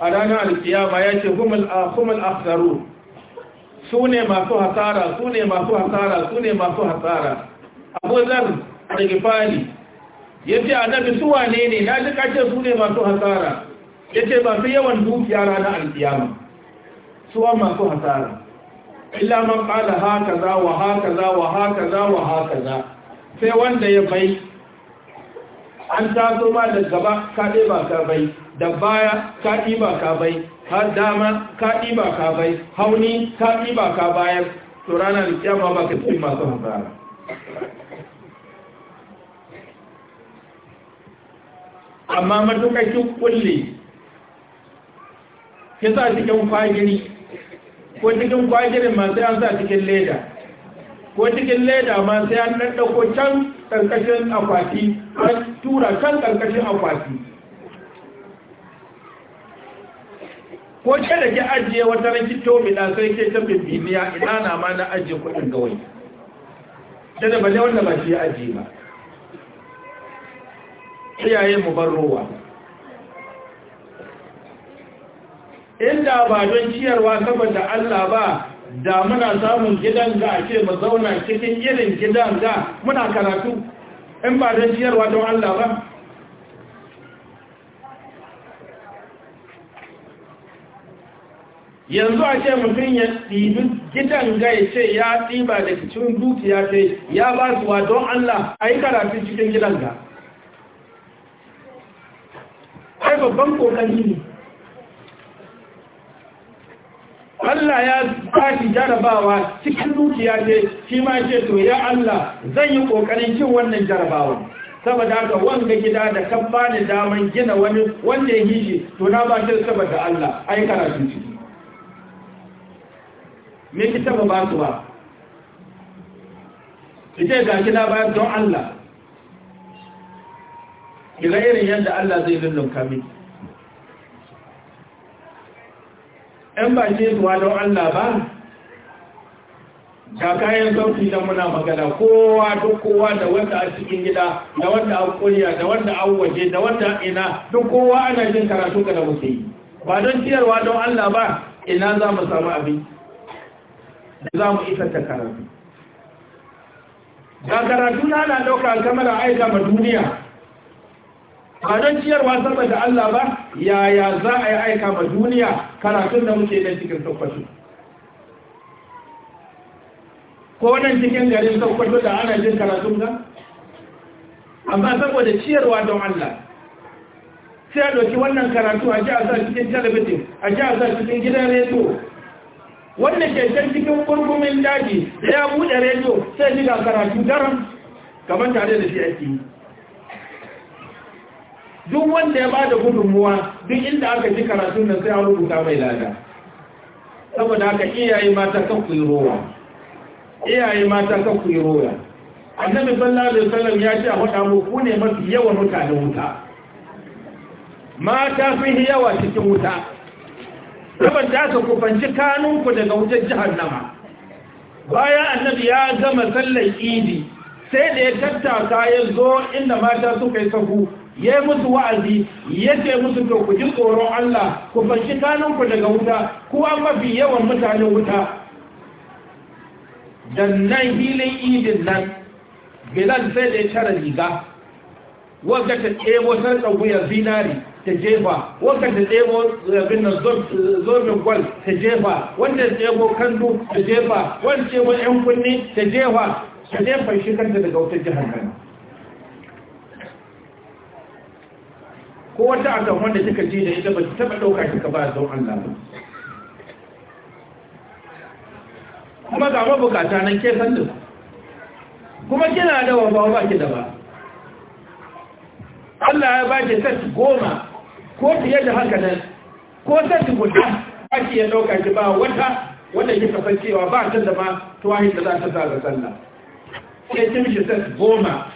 a ranar alkiyama ya ce humul akhumul akhsaru sune masu hasara sune masu hasara sune masu hasara abu zar da ya ce annabi su wane ne na ji kace su ne masu hasara ya ce masu yawan dukiya ranar alkiyama suwa masu hasara illa man qala haka za wa haka za wa haka za wa haka za sai wanda ya bai an taso ma da gaba ka ba ka bai da baya ka ba ka bai har dama ka ba ka bai hauni ka ba ka bayar to ranar alkiyama ba ka cikin masu hasara amma matukakin kulle ki sa cikin kwagiri ko cikin kwagirin masu yan sa cikin leda ko cikin leda ma sai an ɗaɗɗauko can ƙarƙashin akwati ko tura can ƙarƙashin akwati ko ce da ke ajiye wata ranki tobi na sai ke ta bibiniya ina na ma na ajiye kuɗin gawai da da bane wanda ba shi ya ajiye ba iyaye mu bar ruwa inda ba don ciyarwa saboda Allah ba da muna samun gidan ga ce mu zauna cikin irin gidan ga muna karatu in ba don ciyarwa don Allah ba yanzu a ce mutum ya ɗibi gidan gai ce ya ɗiba da cikin dukiya ce ya ba don Allah a yi karatu cikin gidan ga babban kokari ne Allah ya tashi jarabawa cikin dukiya ce shi ma ce to ya Allah zan yi kokarin cin wannan jarabawa saboda haka wanda gida da kan bani daman gina wani wanda ya hishi to na ba shi saboda Allah ai karatu ce. me ki ba su ba ita ga kina bayar don Allah ki ga irin yadda Allah zai lullunka miki ɗan ba ce zuwa don Allah ba ga kayan sauki don muna magana kowa duk kowa da wanda a cikin gida da wanda a kuriya da wanda a waje da wanda ina duk kowa ana jin karatu ga da muke yi ba don ciyarwa don Allah ba ina za mu samu abin da za mu isa ta karatu ga karatu na na ɗauka kamar aika ma duniya ba don ciyarwa saboda Allah ba yaya za a yi aika ma duniya karatun da muke nan cikin sokoto ko nan cikin garin sokoto da ana jin karatun ga amma saboda ciyarwa don Allah sai a ɗauki wannan karatu a ji a sa cikin talabijin a ji a sa cikin gidan reto Wannan ke can cikin kurkumin daji da ya buɗe reto sai ji ga karatu daram kamar tare da shi ake yi duk wanda ya bada gudunmuwa duk inda aka ji karatun nan sai a rubuta mai lada saboda haka iyaye mata kan ku yi rowa iyaye mata kan ku yi rowa annabi sallallahu alaihi wasallam ya ce a faɗa mu ku ne mafi yawan mutane wuta mata fi yawa cikin wuta saboda haka ku fanci ku daga wajen jahannama bayan annabi ya gama sallar idi sai da ya tattaka ya zo inda mata suka yi sahu ya yi musu wa'azi ya musu to ku ji tsoron Allah ku fanshi ku daga wuta kuwa mafi yawan mutane wuta Da nan hilin idin nan bilal sai da ya tara riga wanda ta ɗebo sarƙar wuyar zinari ta jefa wanda ta ɗebo rabin nan gwal ta jefa wanda ta ɗebo kandu ta jefa wanda ta ɗebo ‘yan kunni ta jefa ta jefa shi kanta daga wutar jihar kanu ko wata akan wanda kika ji da ita ba su taba dauka kika ba don Allah ba kuma ga mabukata nan ke san da kuma kina da wa ba ki da ba Allah ya baki sati goma ko fiye da haka nan ko sati guda aki ya dauka ki ba wata wanda kika san cewa ba ta da ma tuwahin da za ta sa sallah sai kin shi goma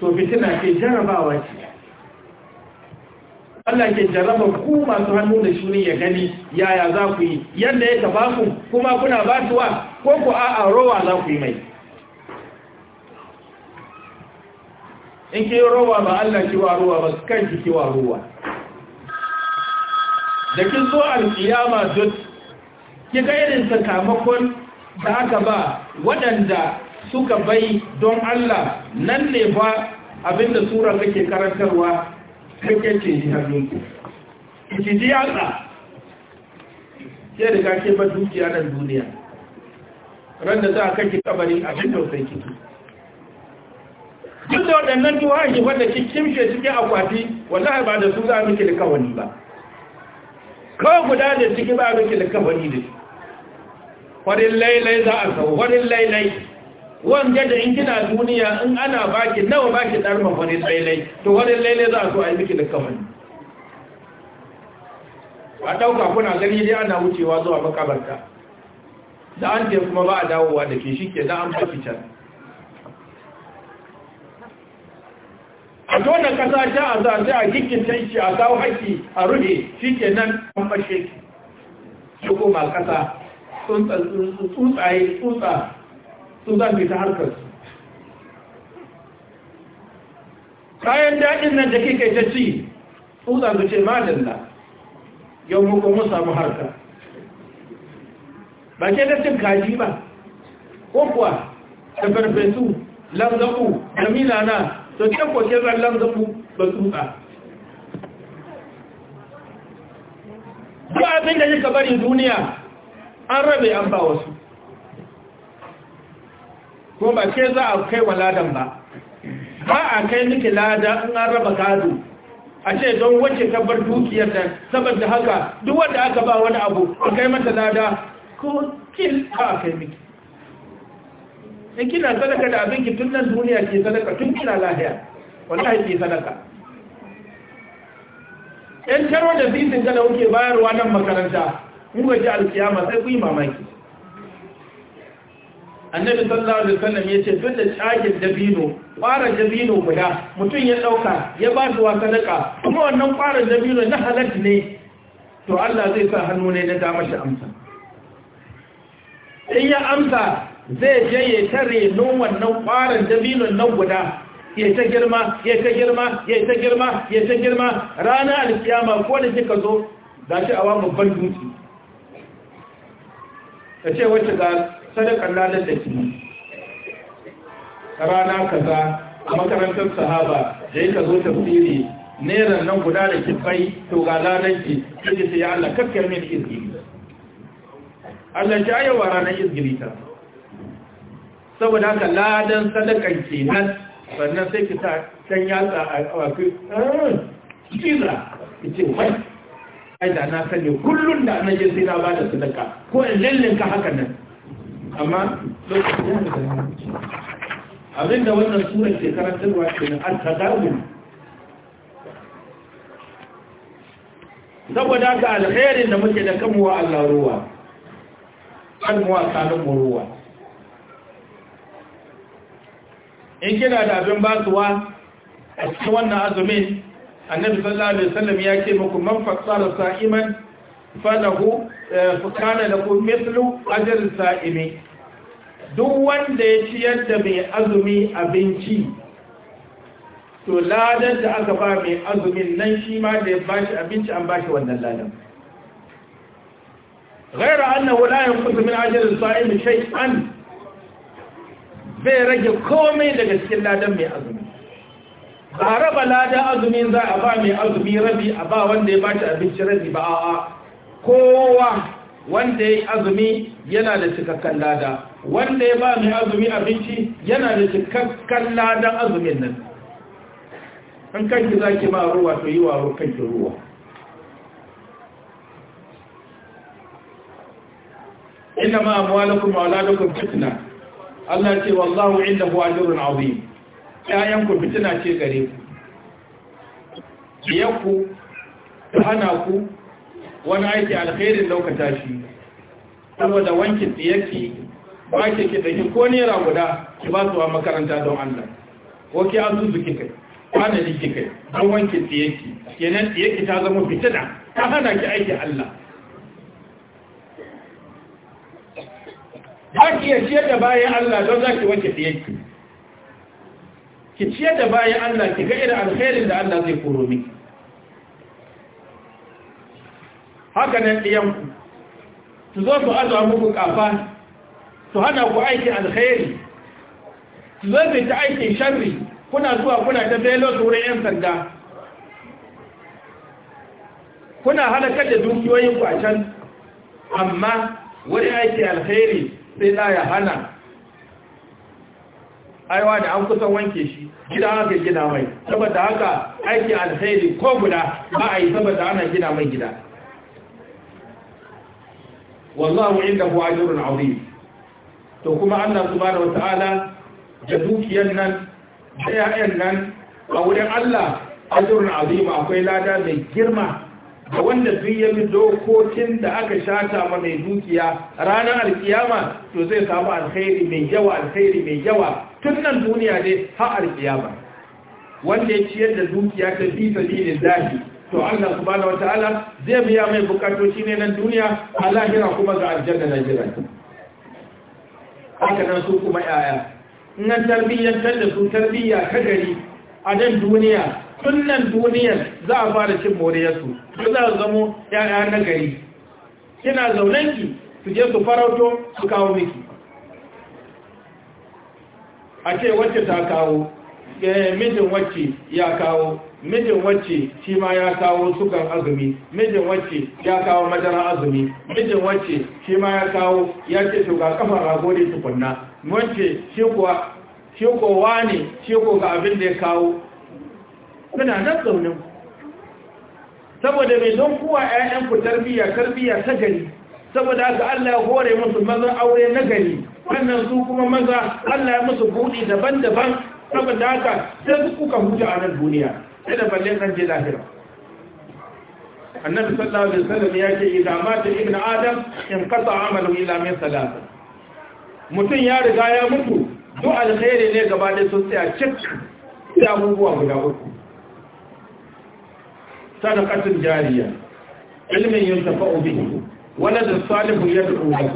to fitina ke jarabawa ce Allah ke jaraba ku masu hannu da shuni ya gani yaya za ku yi yadda ya taba ku kuma kuna batuwa ko ku a'a rowa za ku yi mai in ke rowa ba Allah ki wa rowa ba kan ki kiwa wa rowa da kin zo alkiyama duk ki ga irin sakamakon da aka ba waɗanda suka bai don Allah nan ne ba abinda sura take karantarwa take ce hannunku ki ji yatsa sai daga ke ba dukiya nan duniya ran da za a kake kabarin abin sai ki duk da waɗannan tuwashi wanda ki kimshe cikin akwati wallahi ba da su za miki da kawani ba kawai guda da ciki ba miki da kawani ne su warin lailai za a sau warin lailai wanda da in kina duniya in ana baki nawa baki darman wani tsailai to wani lailai za a so a yi miki da kamani a dauka kuna gani dai ana wucewa zuwa makabarta da an ce kuma ba a dawowa da ke shi ke da an fafi can a dole kasa ta a za a gikin shi a kawo haki a rufe shi ke nan an fashe ki su koma kasa tsuntsaye tsutsa su za su ta harkar su kayan daɗin nan da kike ta ci tsutsa su ce madalla yau muku mu samu harka ba ke da cin kaji ba ko kuwa da farfesu langabu da na, to ce ko ke zan langabu ba tsutsa ba abin da yi bari duniya an rabe an ba wasu ko ba ke za a kai wa ladan ba ba a kai miki lada in an raba gado a ce don wacce ta bar dukiyar nan saboda haka duk wanda aka ba wani abu a kai mata lada ko kin ba a kai miki in kina sadaka da abinki tun nan duniya ke sadaka tun kina lahiya wallahi ke sadaka yan taro da zitin gada kuke bayarwa nan makaranta in ji alkiyama sai ku yi mamaki annabi sallallahu alaihi wasallam yace duk da tsagin dabino fara dabino guda mutum ya ɗauka ya ba wa sadaka kuma wannan fara dabino na halal ne to Allah zai sa hannu ne na da shi amsa in ya amsa zai je ya tare nun wannan fara dabino nan guda ya ta girma ya ta girma ya ta girma ya ta girma rana alkiyama ko da kika zo da shi awamu ban dutse ta ce wacce ga sadakar ladar da ki rana kaza a makarantar sahaba da ya zo tafsiri neran nan guda da kifai to ga ladar ki sai sai ya Allah kakkar min izgiri Allah ya yi wa ranar izgiri ta saboda ka ladan sadakar kenan sannan sai ki sa can yatsa a kawaki ah, kira ki ce mai ai da na sani kullum da na je sai na ba da sadaka ko in ka haka nan amma lokacin da zai wuce abinda wannan sura ke karantarwa ke na al-tadawu saboda ga alkhairin da muke da kamuwa Allah ruwa kamuwa sanin ruwa in kina da abin basuwa a cikin wannan azumin annabi sallallahu alaihi wasallam ya ce muku man fassara iman. falahu da eh, lahu mithlu ajr sa'imi duk wanda ya ci yadda mai azumi abinci to ladan da aka ba mai azumin nan shi ma da ya bashi abinci an bashi wannan ladan غير أنه لا ينقص من أجر الصائم شيئا bai rage komai daga cikin ladan mai azumi ba raba ladan azumin za a ba mai azumi rabi a ba wanda ya bashi abinci rabi ba a'a kowa wanda ya azumi yana da cikakken lada wanda ya ba mai azumi abinci yana da cikakken ladan azumin nan an kanki za ki ma ruwa to yi wa kanki ruwa Ina ma amwalakum wa auladukum fitna Allah ce wallahu indahu ajrun azim ƴaƴan ku fitina ce gare ku ku ta hana ku wani aiki alkhairin lokata shi saboda wanki tsiyarki ba ke ki ɗaki ko nera guda ki ba su wa makaranta don Allah ko ki zuzu ki kai kwanani ki kai don wanki tsiyarki kenan tsiyarki ta zama fitina ta hana ki aiki Allah ba ki ya ciyar da bayan Allah don za ki wanke tsiyarki ki ciyar da bayan Allah ki ga irin alkhairin da Allah zai koro miki haka nan ɗiyanku su zo su azuwa muku kafa su hana ku aikin alkhairi su zo su ta aikin shari kuna zuwa kuna ta belo su wurin 'yan sanda kuna halakar da dukiyoyinku a can amma wani aiki alkhairi sai za ya hana aiwa da an kusan wanke shi gida haka gina mai saboda haka aiki alkhairi ko guda ba a yi saboda ana gina mai gida wallahu indahu ajrun azim to kuma Allah subhanahu wataala da dukiyar nan da yayan nan a wurin Allah ajrun azim akwai lada mai girma ga wanda duk ya bi dokokin da aka shata ma mai dukiya ranar alkiyama to zai samu alkhairi mai yawa alkhairi mai yawa tun nan duniya ne har alkiyama wanda ya ciyar da dukiya ta fi sabilin zahi to Allah subhanahu wataala zai biya mai bukatoci ne nan duniya a lahira kuma ga aljanna na jira haka nan su kuma yaya Nan tarbiyyar tarbiyyantar da su tarbiyya ta gari a nan duniya tun nan duniyar za a fara cin moriyarsu su za a zamo yaya na gari kina zaunanki su je su farauto su kawo miki a ce wacce ta kawo eh, mijin wacce ya kawo mijin wacce shi ma ya kawo sukan azumi mijin wacce ya kawo madara azumi mijin wacce shi ma ya kawo ya ce to ga kafa rago da tukunna wacce shi kuwa shi ko wani shi ko ga abin da ya kawo suna nan zaunin saboda mai don kuwa ku tarbiyya tarbiyya ta gari saboda haka Allah ya hore musu maza aure na gari wannan su kuma maza Allah ya musu buɗi daban-daban saboda haka sai kuka huta a nan duniya sai da balle kan je lahira annabi sallallahu alaihi wasallam ya ce idan mata Ibn adam in qata amalu ila min salasa mutum ya riga ya mutu duk alkhairi ne gaba da sun tsaya cik da abubuwa guda uku sadaqatun jariya ilmin yuntafa'u bihi walad salih yad'u lahu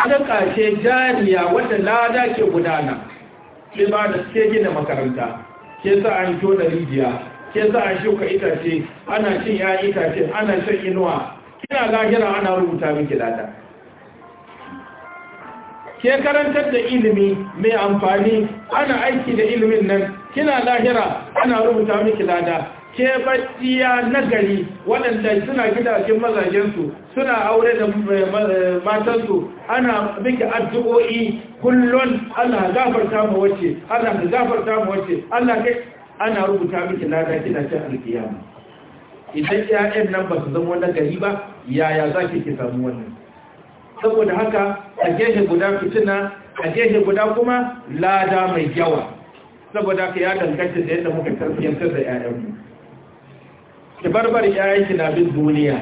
sadaqa ce jariya wanda lada ke gudana ibada ce gina makaranta ke sa an tona rijiya ke sa an shuka itace ana cin ya itace ana shan inuwa kina lahira ana rubuta miki lada ke karantar da ilimi mai amfani ana aiki da ilimin nan kina lahira ana rubuta miki lada keɓaɓɓiya nagari waɗanda suna gidajen mazajensu suna aure da eh, eh, matansu ana miki addu'o'i kullum Allah gafarta mu wace Allah ka gafarta mu wace Allah kai ana rubuta miki lada kina cin alkiyama idan ƴaƴan nan ba su zama nagari ba yaya za ki ki samu wannan saboda haka a gehe guda fitina a gehe guda kuma lada mai yawa saboda ka ya danganta da yadda muka tarbiyyar da ƴaƴanmu ki barbar yayin ki na bin duniya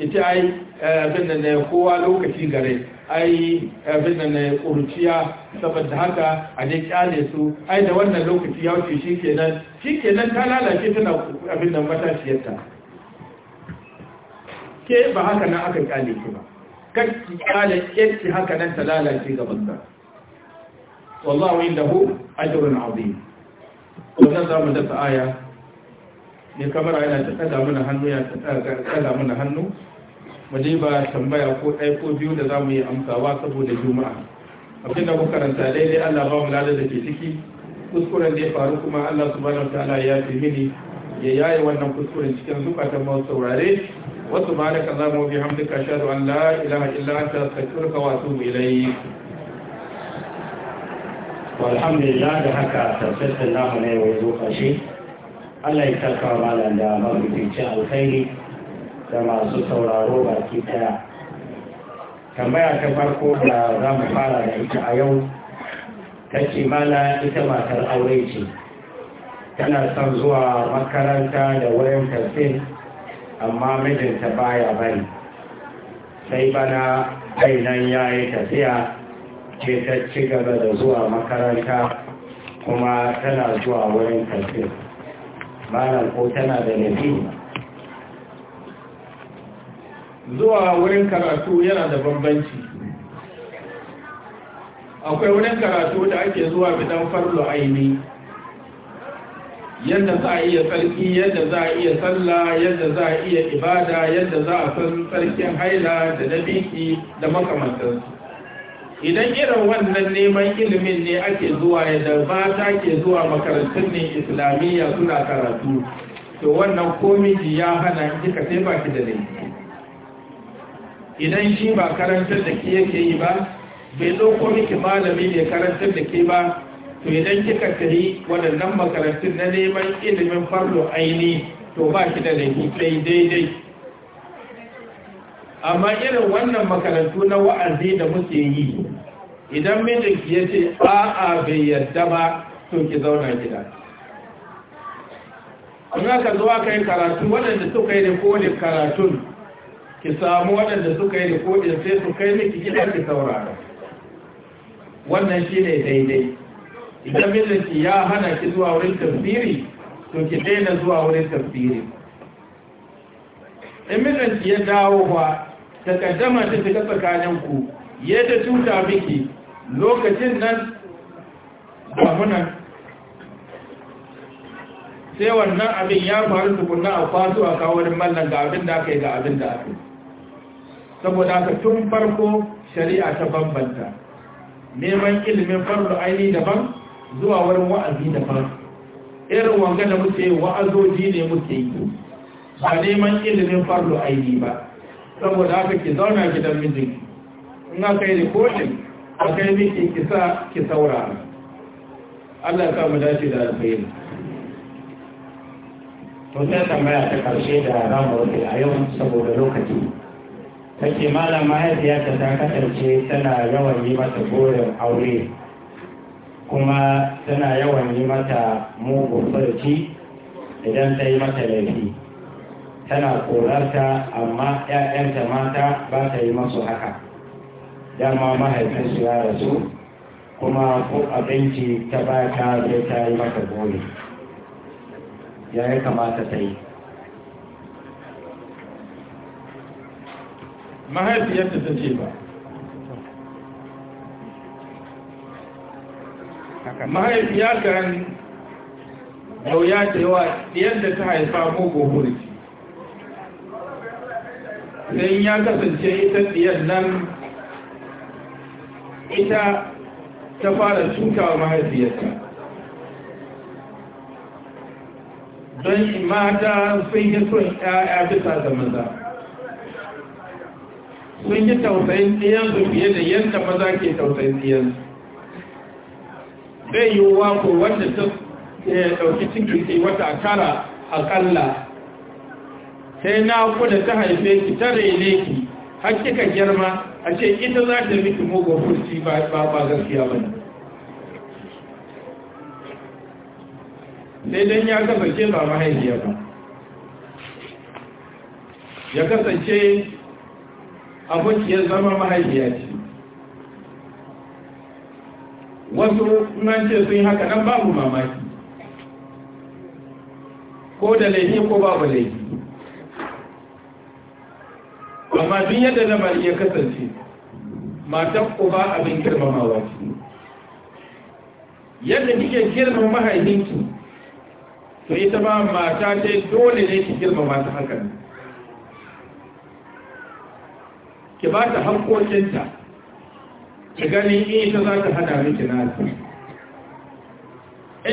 ita ai eh, abin da ne kowa lokaci gare ai abin da ne kurciya saboda haka a dai kyale su ai da wannan lokaci ya wuce shikenan shikenan ta lalace tana abin matashiyar matashiyarta ke ba haka nan aka kyale ki ba kakki kyale ki haka nan ta lalace gaban sa wallahu indahu ajrun azim wannan zamu da aya mai kamara yana ta ɗaga mana hannu yana ɗaga mana hannu mu ba tambaya ko ɗaya ko biyu da za mu yi amsawa saboda juma'a abin da karanta daidai allah ba mu lada da ke ciki kuskuren da ya faru kuma allah subhanahu wa ta'ala ya fi mini ya yaye wannan kuskuren cikin zukatan masu saurare wasu ba da kaza mu bi hamdika ashhadu an la ilaha illa anta astaghfiruka wa atubu ilayk walhamdulillah da haka tafsirin namu ne wai zo kashe Allah ya saka malam da mafifici alkhairi da masu sauraro baki daya tambaya ta farko da za mu fara da ita a yau ta ce mala ita matar aure ce tana son zuwa makaranta da wayan tafsir amma mijinta baya bari sai bana ainihin ya yi tafiya ce ta ci gaba da zuwa makaranta kuma tana zuwa wurin tafsir malam ko tana da nabi zuwa wurin karatu yana da bambanci akwai wurin karatu da ake zuwa bidan farlo aini yadda za a iya tsarki yadda za a iya sallah yadda za a iya ibada yadda za a san sarkin haila da na da makamantarsu idan irin wannan neman ilimin ne ake zuwa yadda ta ke zuwa makarantun ne islamiyya suna karatu to wannan komiji ya hana kika sai ba ki da laifi idan shi ba karantar da ke yake yi ba bai ɗauko miki malami ne karantar da ke ba to idan kika tafi waɗannan makarantun na neman ilimin farlo aini to ba ki da laifi daidai amma irin wannan makarantu na wa'azi da muke yi idan mijinki ya ce a'a bai yadda ba to ki zauna gida in aka ka kai karatu waɗanda suka yi kodin karatun ki samu waɗanda suka yi kodin sai su kai miki gida ki saurara wannan shi ne daidai idan mijinki ya hana ki zuwa wurin tafsiri to ki daina zuwa wurin tafsiri in mijinki ya dawo ba takaddama ta fita tsakaninku ya ta cuta miki lokacin nan ba damunan sai wannan abin ya faru tukunna a kwaso a kawarin mallan ga abin da aka yi ga abin da aka saboda aka tun farko shari'a ta bambanta neman ilimin farko aini daban zuwa wurin wa'azi daban irin wanga da muke wa'azoji ne muke yi ba neman ilimin farko aini ba saboda haka ki zauna gidan mijinki in kai rikodin a kai miki kisa ki saura. Allah ka mu dace da alfahim to sai tambaya ta karshe da ramu rufe a yau saboda lokaci ta ce malam mahaifiyarta ta kasance tana yawan yi mata goyon aure kuma tana yawan yi mata mugun furci idan ta yi mata laifi tana korarta amma ‘ya'yanta mata ba ta yi masu haka dama mahaifinsu ya rasu kuma ko abinci ta ba ta sai ta yi mata goyi ya yi kamata ta yi mahaifiyarta ta ce ba Mahaifiyarta yau ya ce wa yadda ta haifa ko mugu hurci dan ya kasance ita tsiyan nan ita ta fara cuta wa mahaifiyarta don mata sun yi son ‘ya'ya bisa da maza sun yi tausayin tsiyansu fiye da yadda maza ke tausayin tsiyansu bai yiwuwa ko wanda ta eh, ɗauki cikin wata tara akalla sai na da ta haife ki ta raine ki har kika girma a ce ita za ta miki mugun kurci ba ba gaskiya ba ne sai dan ya kasance ba mahaifiya ba ya kasance abokiyar zama mahaifiya ce wasu nan ce sun haka nan babu mamaki ko da laifi ko babu laifi amma duk yadda na lamari iya kasance matan uba abin girmamawa ce yadda kike girmama mahaifinki to ita ma mata ce dole ne ki girmama ta haka ne ki ba ta hankokinta ki gani ita za ta hada miki nata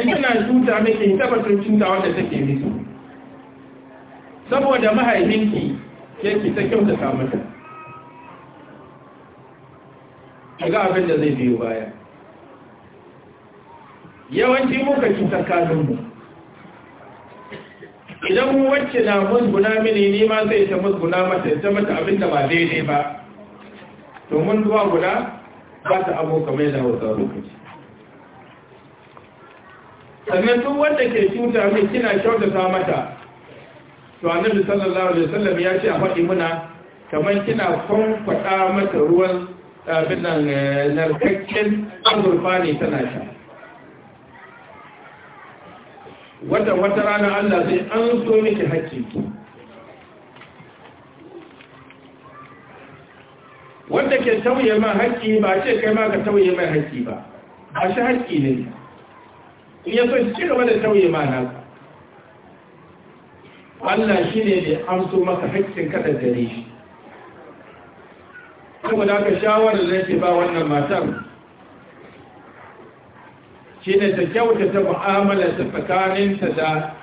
in tana cuta miki tabbatar cuta wanda take miki saboda mahaifinki ta kyauta ta kyautata mata ga abin da zai biyo baya yawanci muka ci tsakaninmu idan mu wacce na musguna mini ni ma zai ta musguna mata ta mata abin da ba daidai ba to mun zuwa guda ba ta abu kamar da hausa lokaci sannan tun wanda ke cuta mai kina kyautata mata to annabi sallallahu alaihi wasallam ya ce a faɗi muna kamar kina kwankwada mata ruwan abin nan eh, narkakken azurfa ne tana sha wata wata rana Allah sai an so miki hakki wanda ke tauye ma haƙƙi ba ce kai ma ka tauye mai haƙƙi ba a shi haƙƙi ne Ya yaso shi gaba da tauye ma naka Allah shi ne mai amso maka haƙƙin kaɗa gare shi kuma da aka shawarar da ba wannan matar shi ne ta kyauta ta mu'amala ta tsakaninta da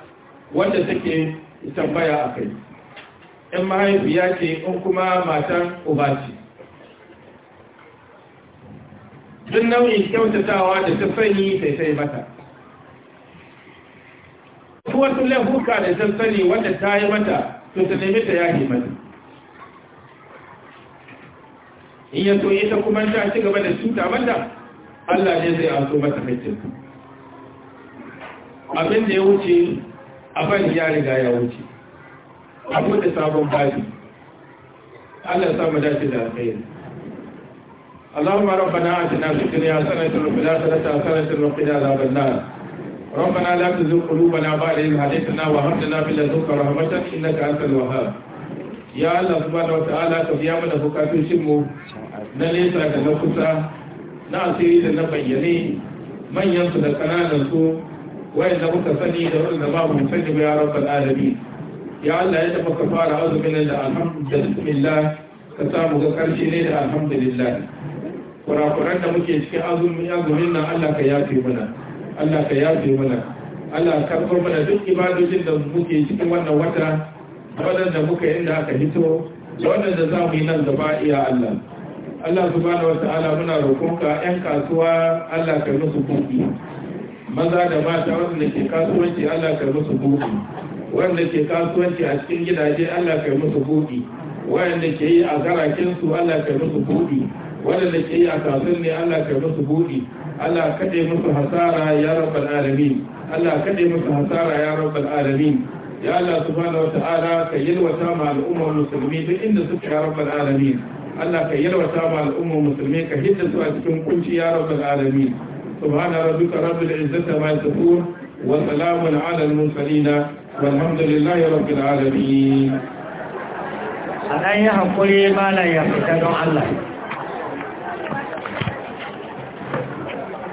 wanda take tambaya a kai 'yan mahaifiya ce in kuma matan uba ce duk nau'in kyautatawa da ta fanyi sai sai mata wasu laifuka da ta sani wadda ta yi mata to ta nemi ta yaki mata in ya yi ta kuma ta ci gaba da cuta mata Allah ne zai aso mata haƙƙin abin da ya wuce abin ya riga ya wuce abu da sabon bari Allah samu dace da alkhairi اللهم ربنا آتنا في الدنيا حسنة وفي الآخرة حسنة وقنا عذاب النار ربنا لا تزغ قلوبنا بعد إذ هديتنا وهب لنا من لدنك رحمة إنك أنت الوهاب يا الله سبحانه وتعالى كبيا من بكاتو شمو نليسا كنفسا نعسيري لنبيني من ينصد كنانا سوء وإن متسني لأولنا ما منسجب يا رب العالمين يا الله يتبقى كفار أعوذ من الحمد لله كسامو كرشي لله الحمد لله kurakuran da muke cikin azumin nan Allah ka yafe mana Allah ka yafe mana Allah ka karɓo mana duk ibadojin da muke cikin wannan wata da muka yi da aka hito da za mu yi nan gaba iya Allah Allah subhanahu wa ta'ala muna roƙonka ƴan kasuwa Allah ka musu buɗi maza da mata wanda ke kasuwanci Allah ka musu buɗi wanda ke kasuwanci a cikin gidaje Allah ka musu buɗi wanda ke yi a garakinsu Allah ka musu buɗi waɗanda ke yi a kasuwan ne Allah ka musu buɗi Allah kaɗe musu hasara ya rabbal alamin Allah kaɗe musu hasara ya rabbal alamin ya Allah subhanahu wata'ala ka yalwata ma al'ummar musulmi duk inda suke ya rabbal alamin Allah ka yalwata ma al'ummar musulmi ka hidda su a cikin kunci ya rabbal alamin subhana rabbika rabbil izzati ma yasifun wa salamun ala al-mursalin walhamdulillahi rabbil alamin anan ya hakuri malam ya fita don Allah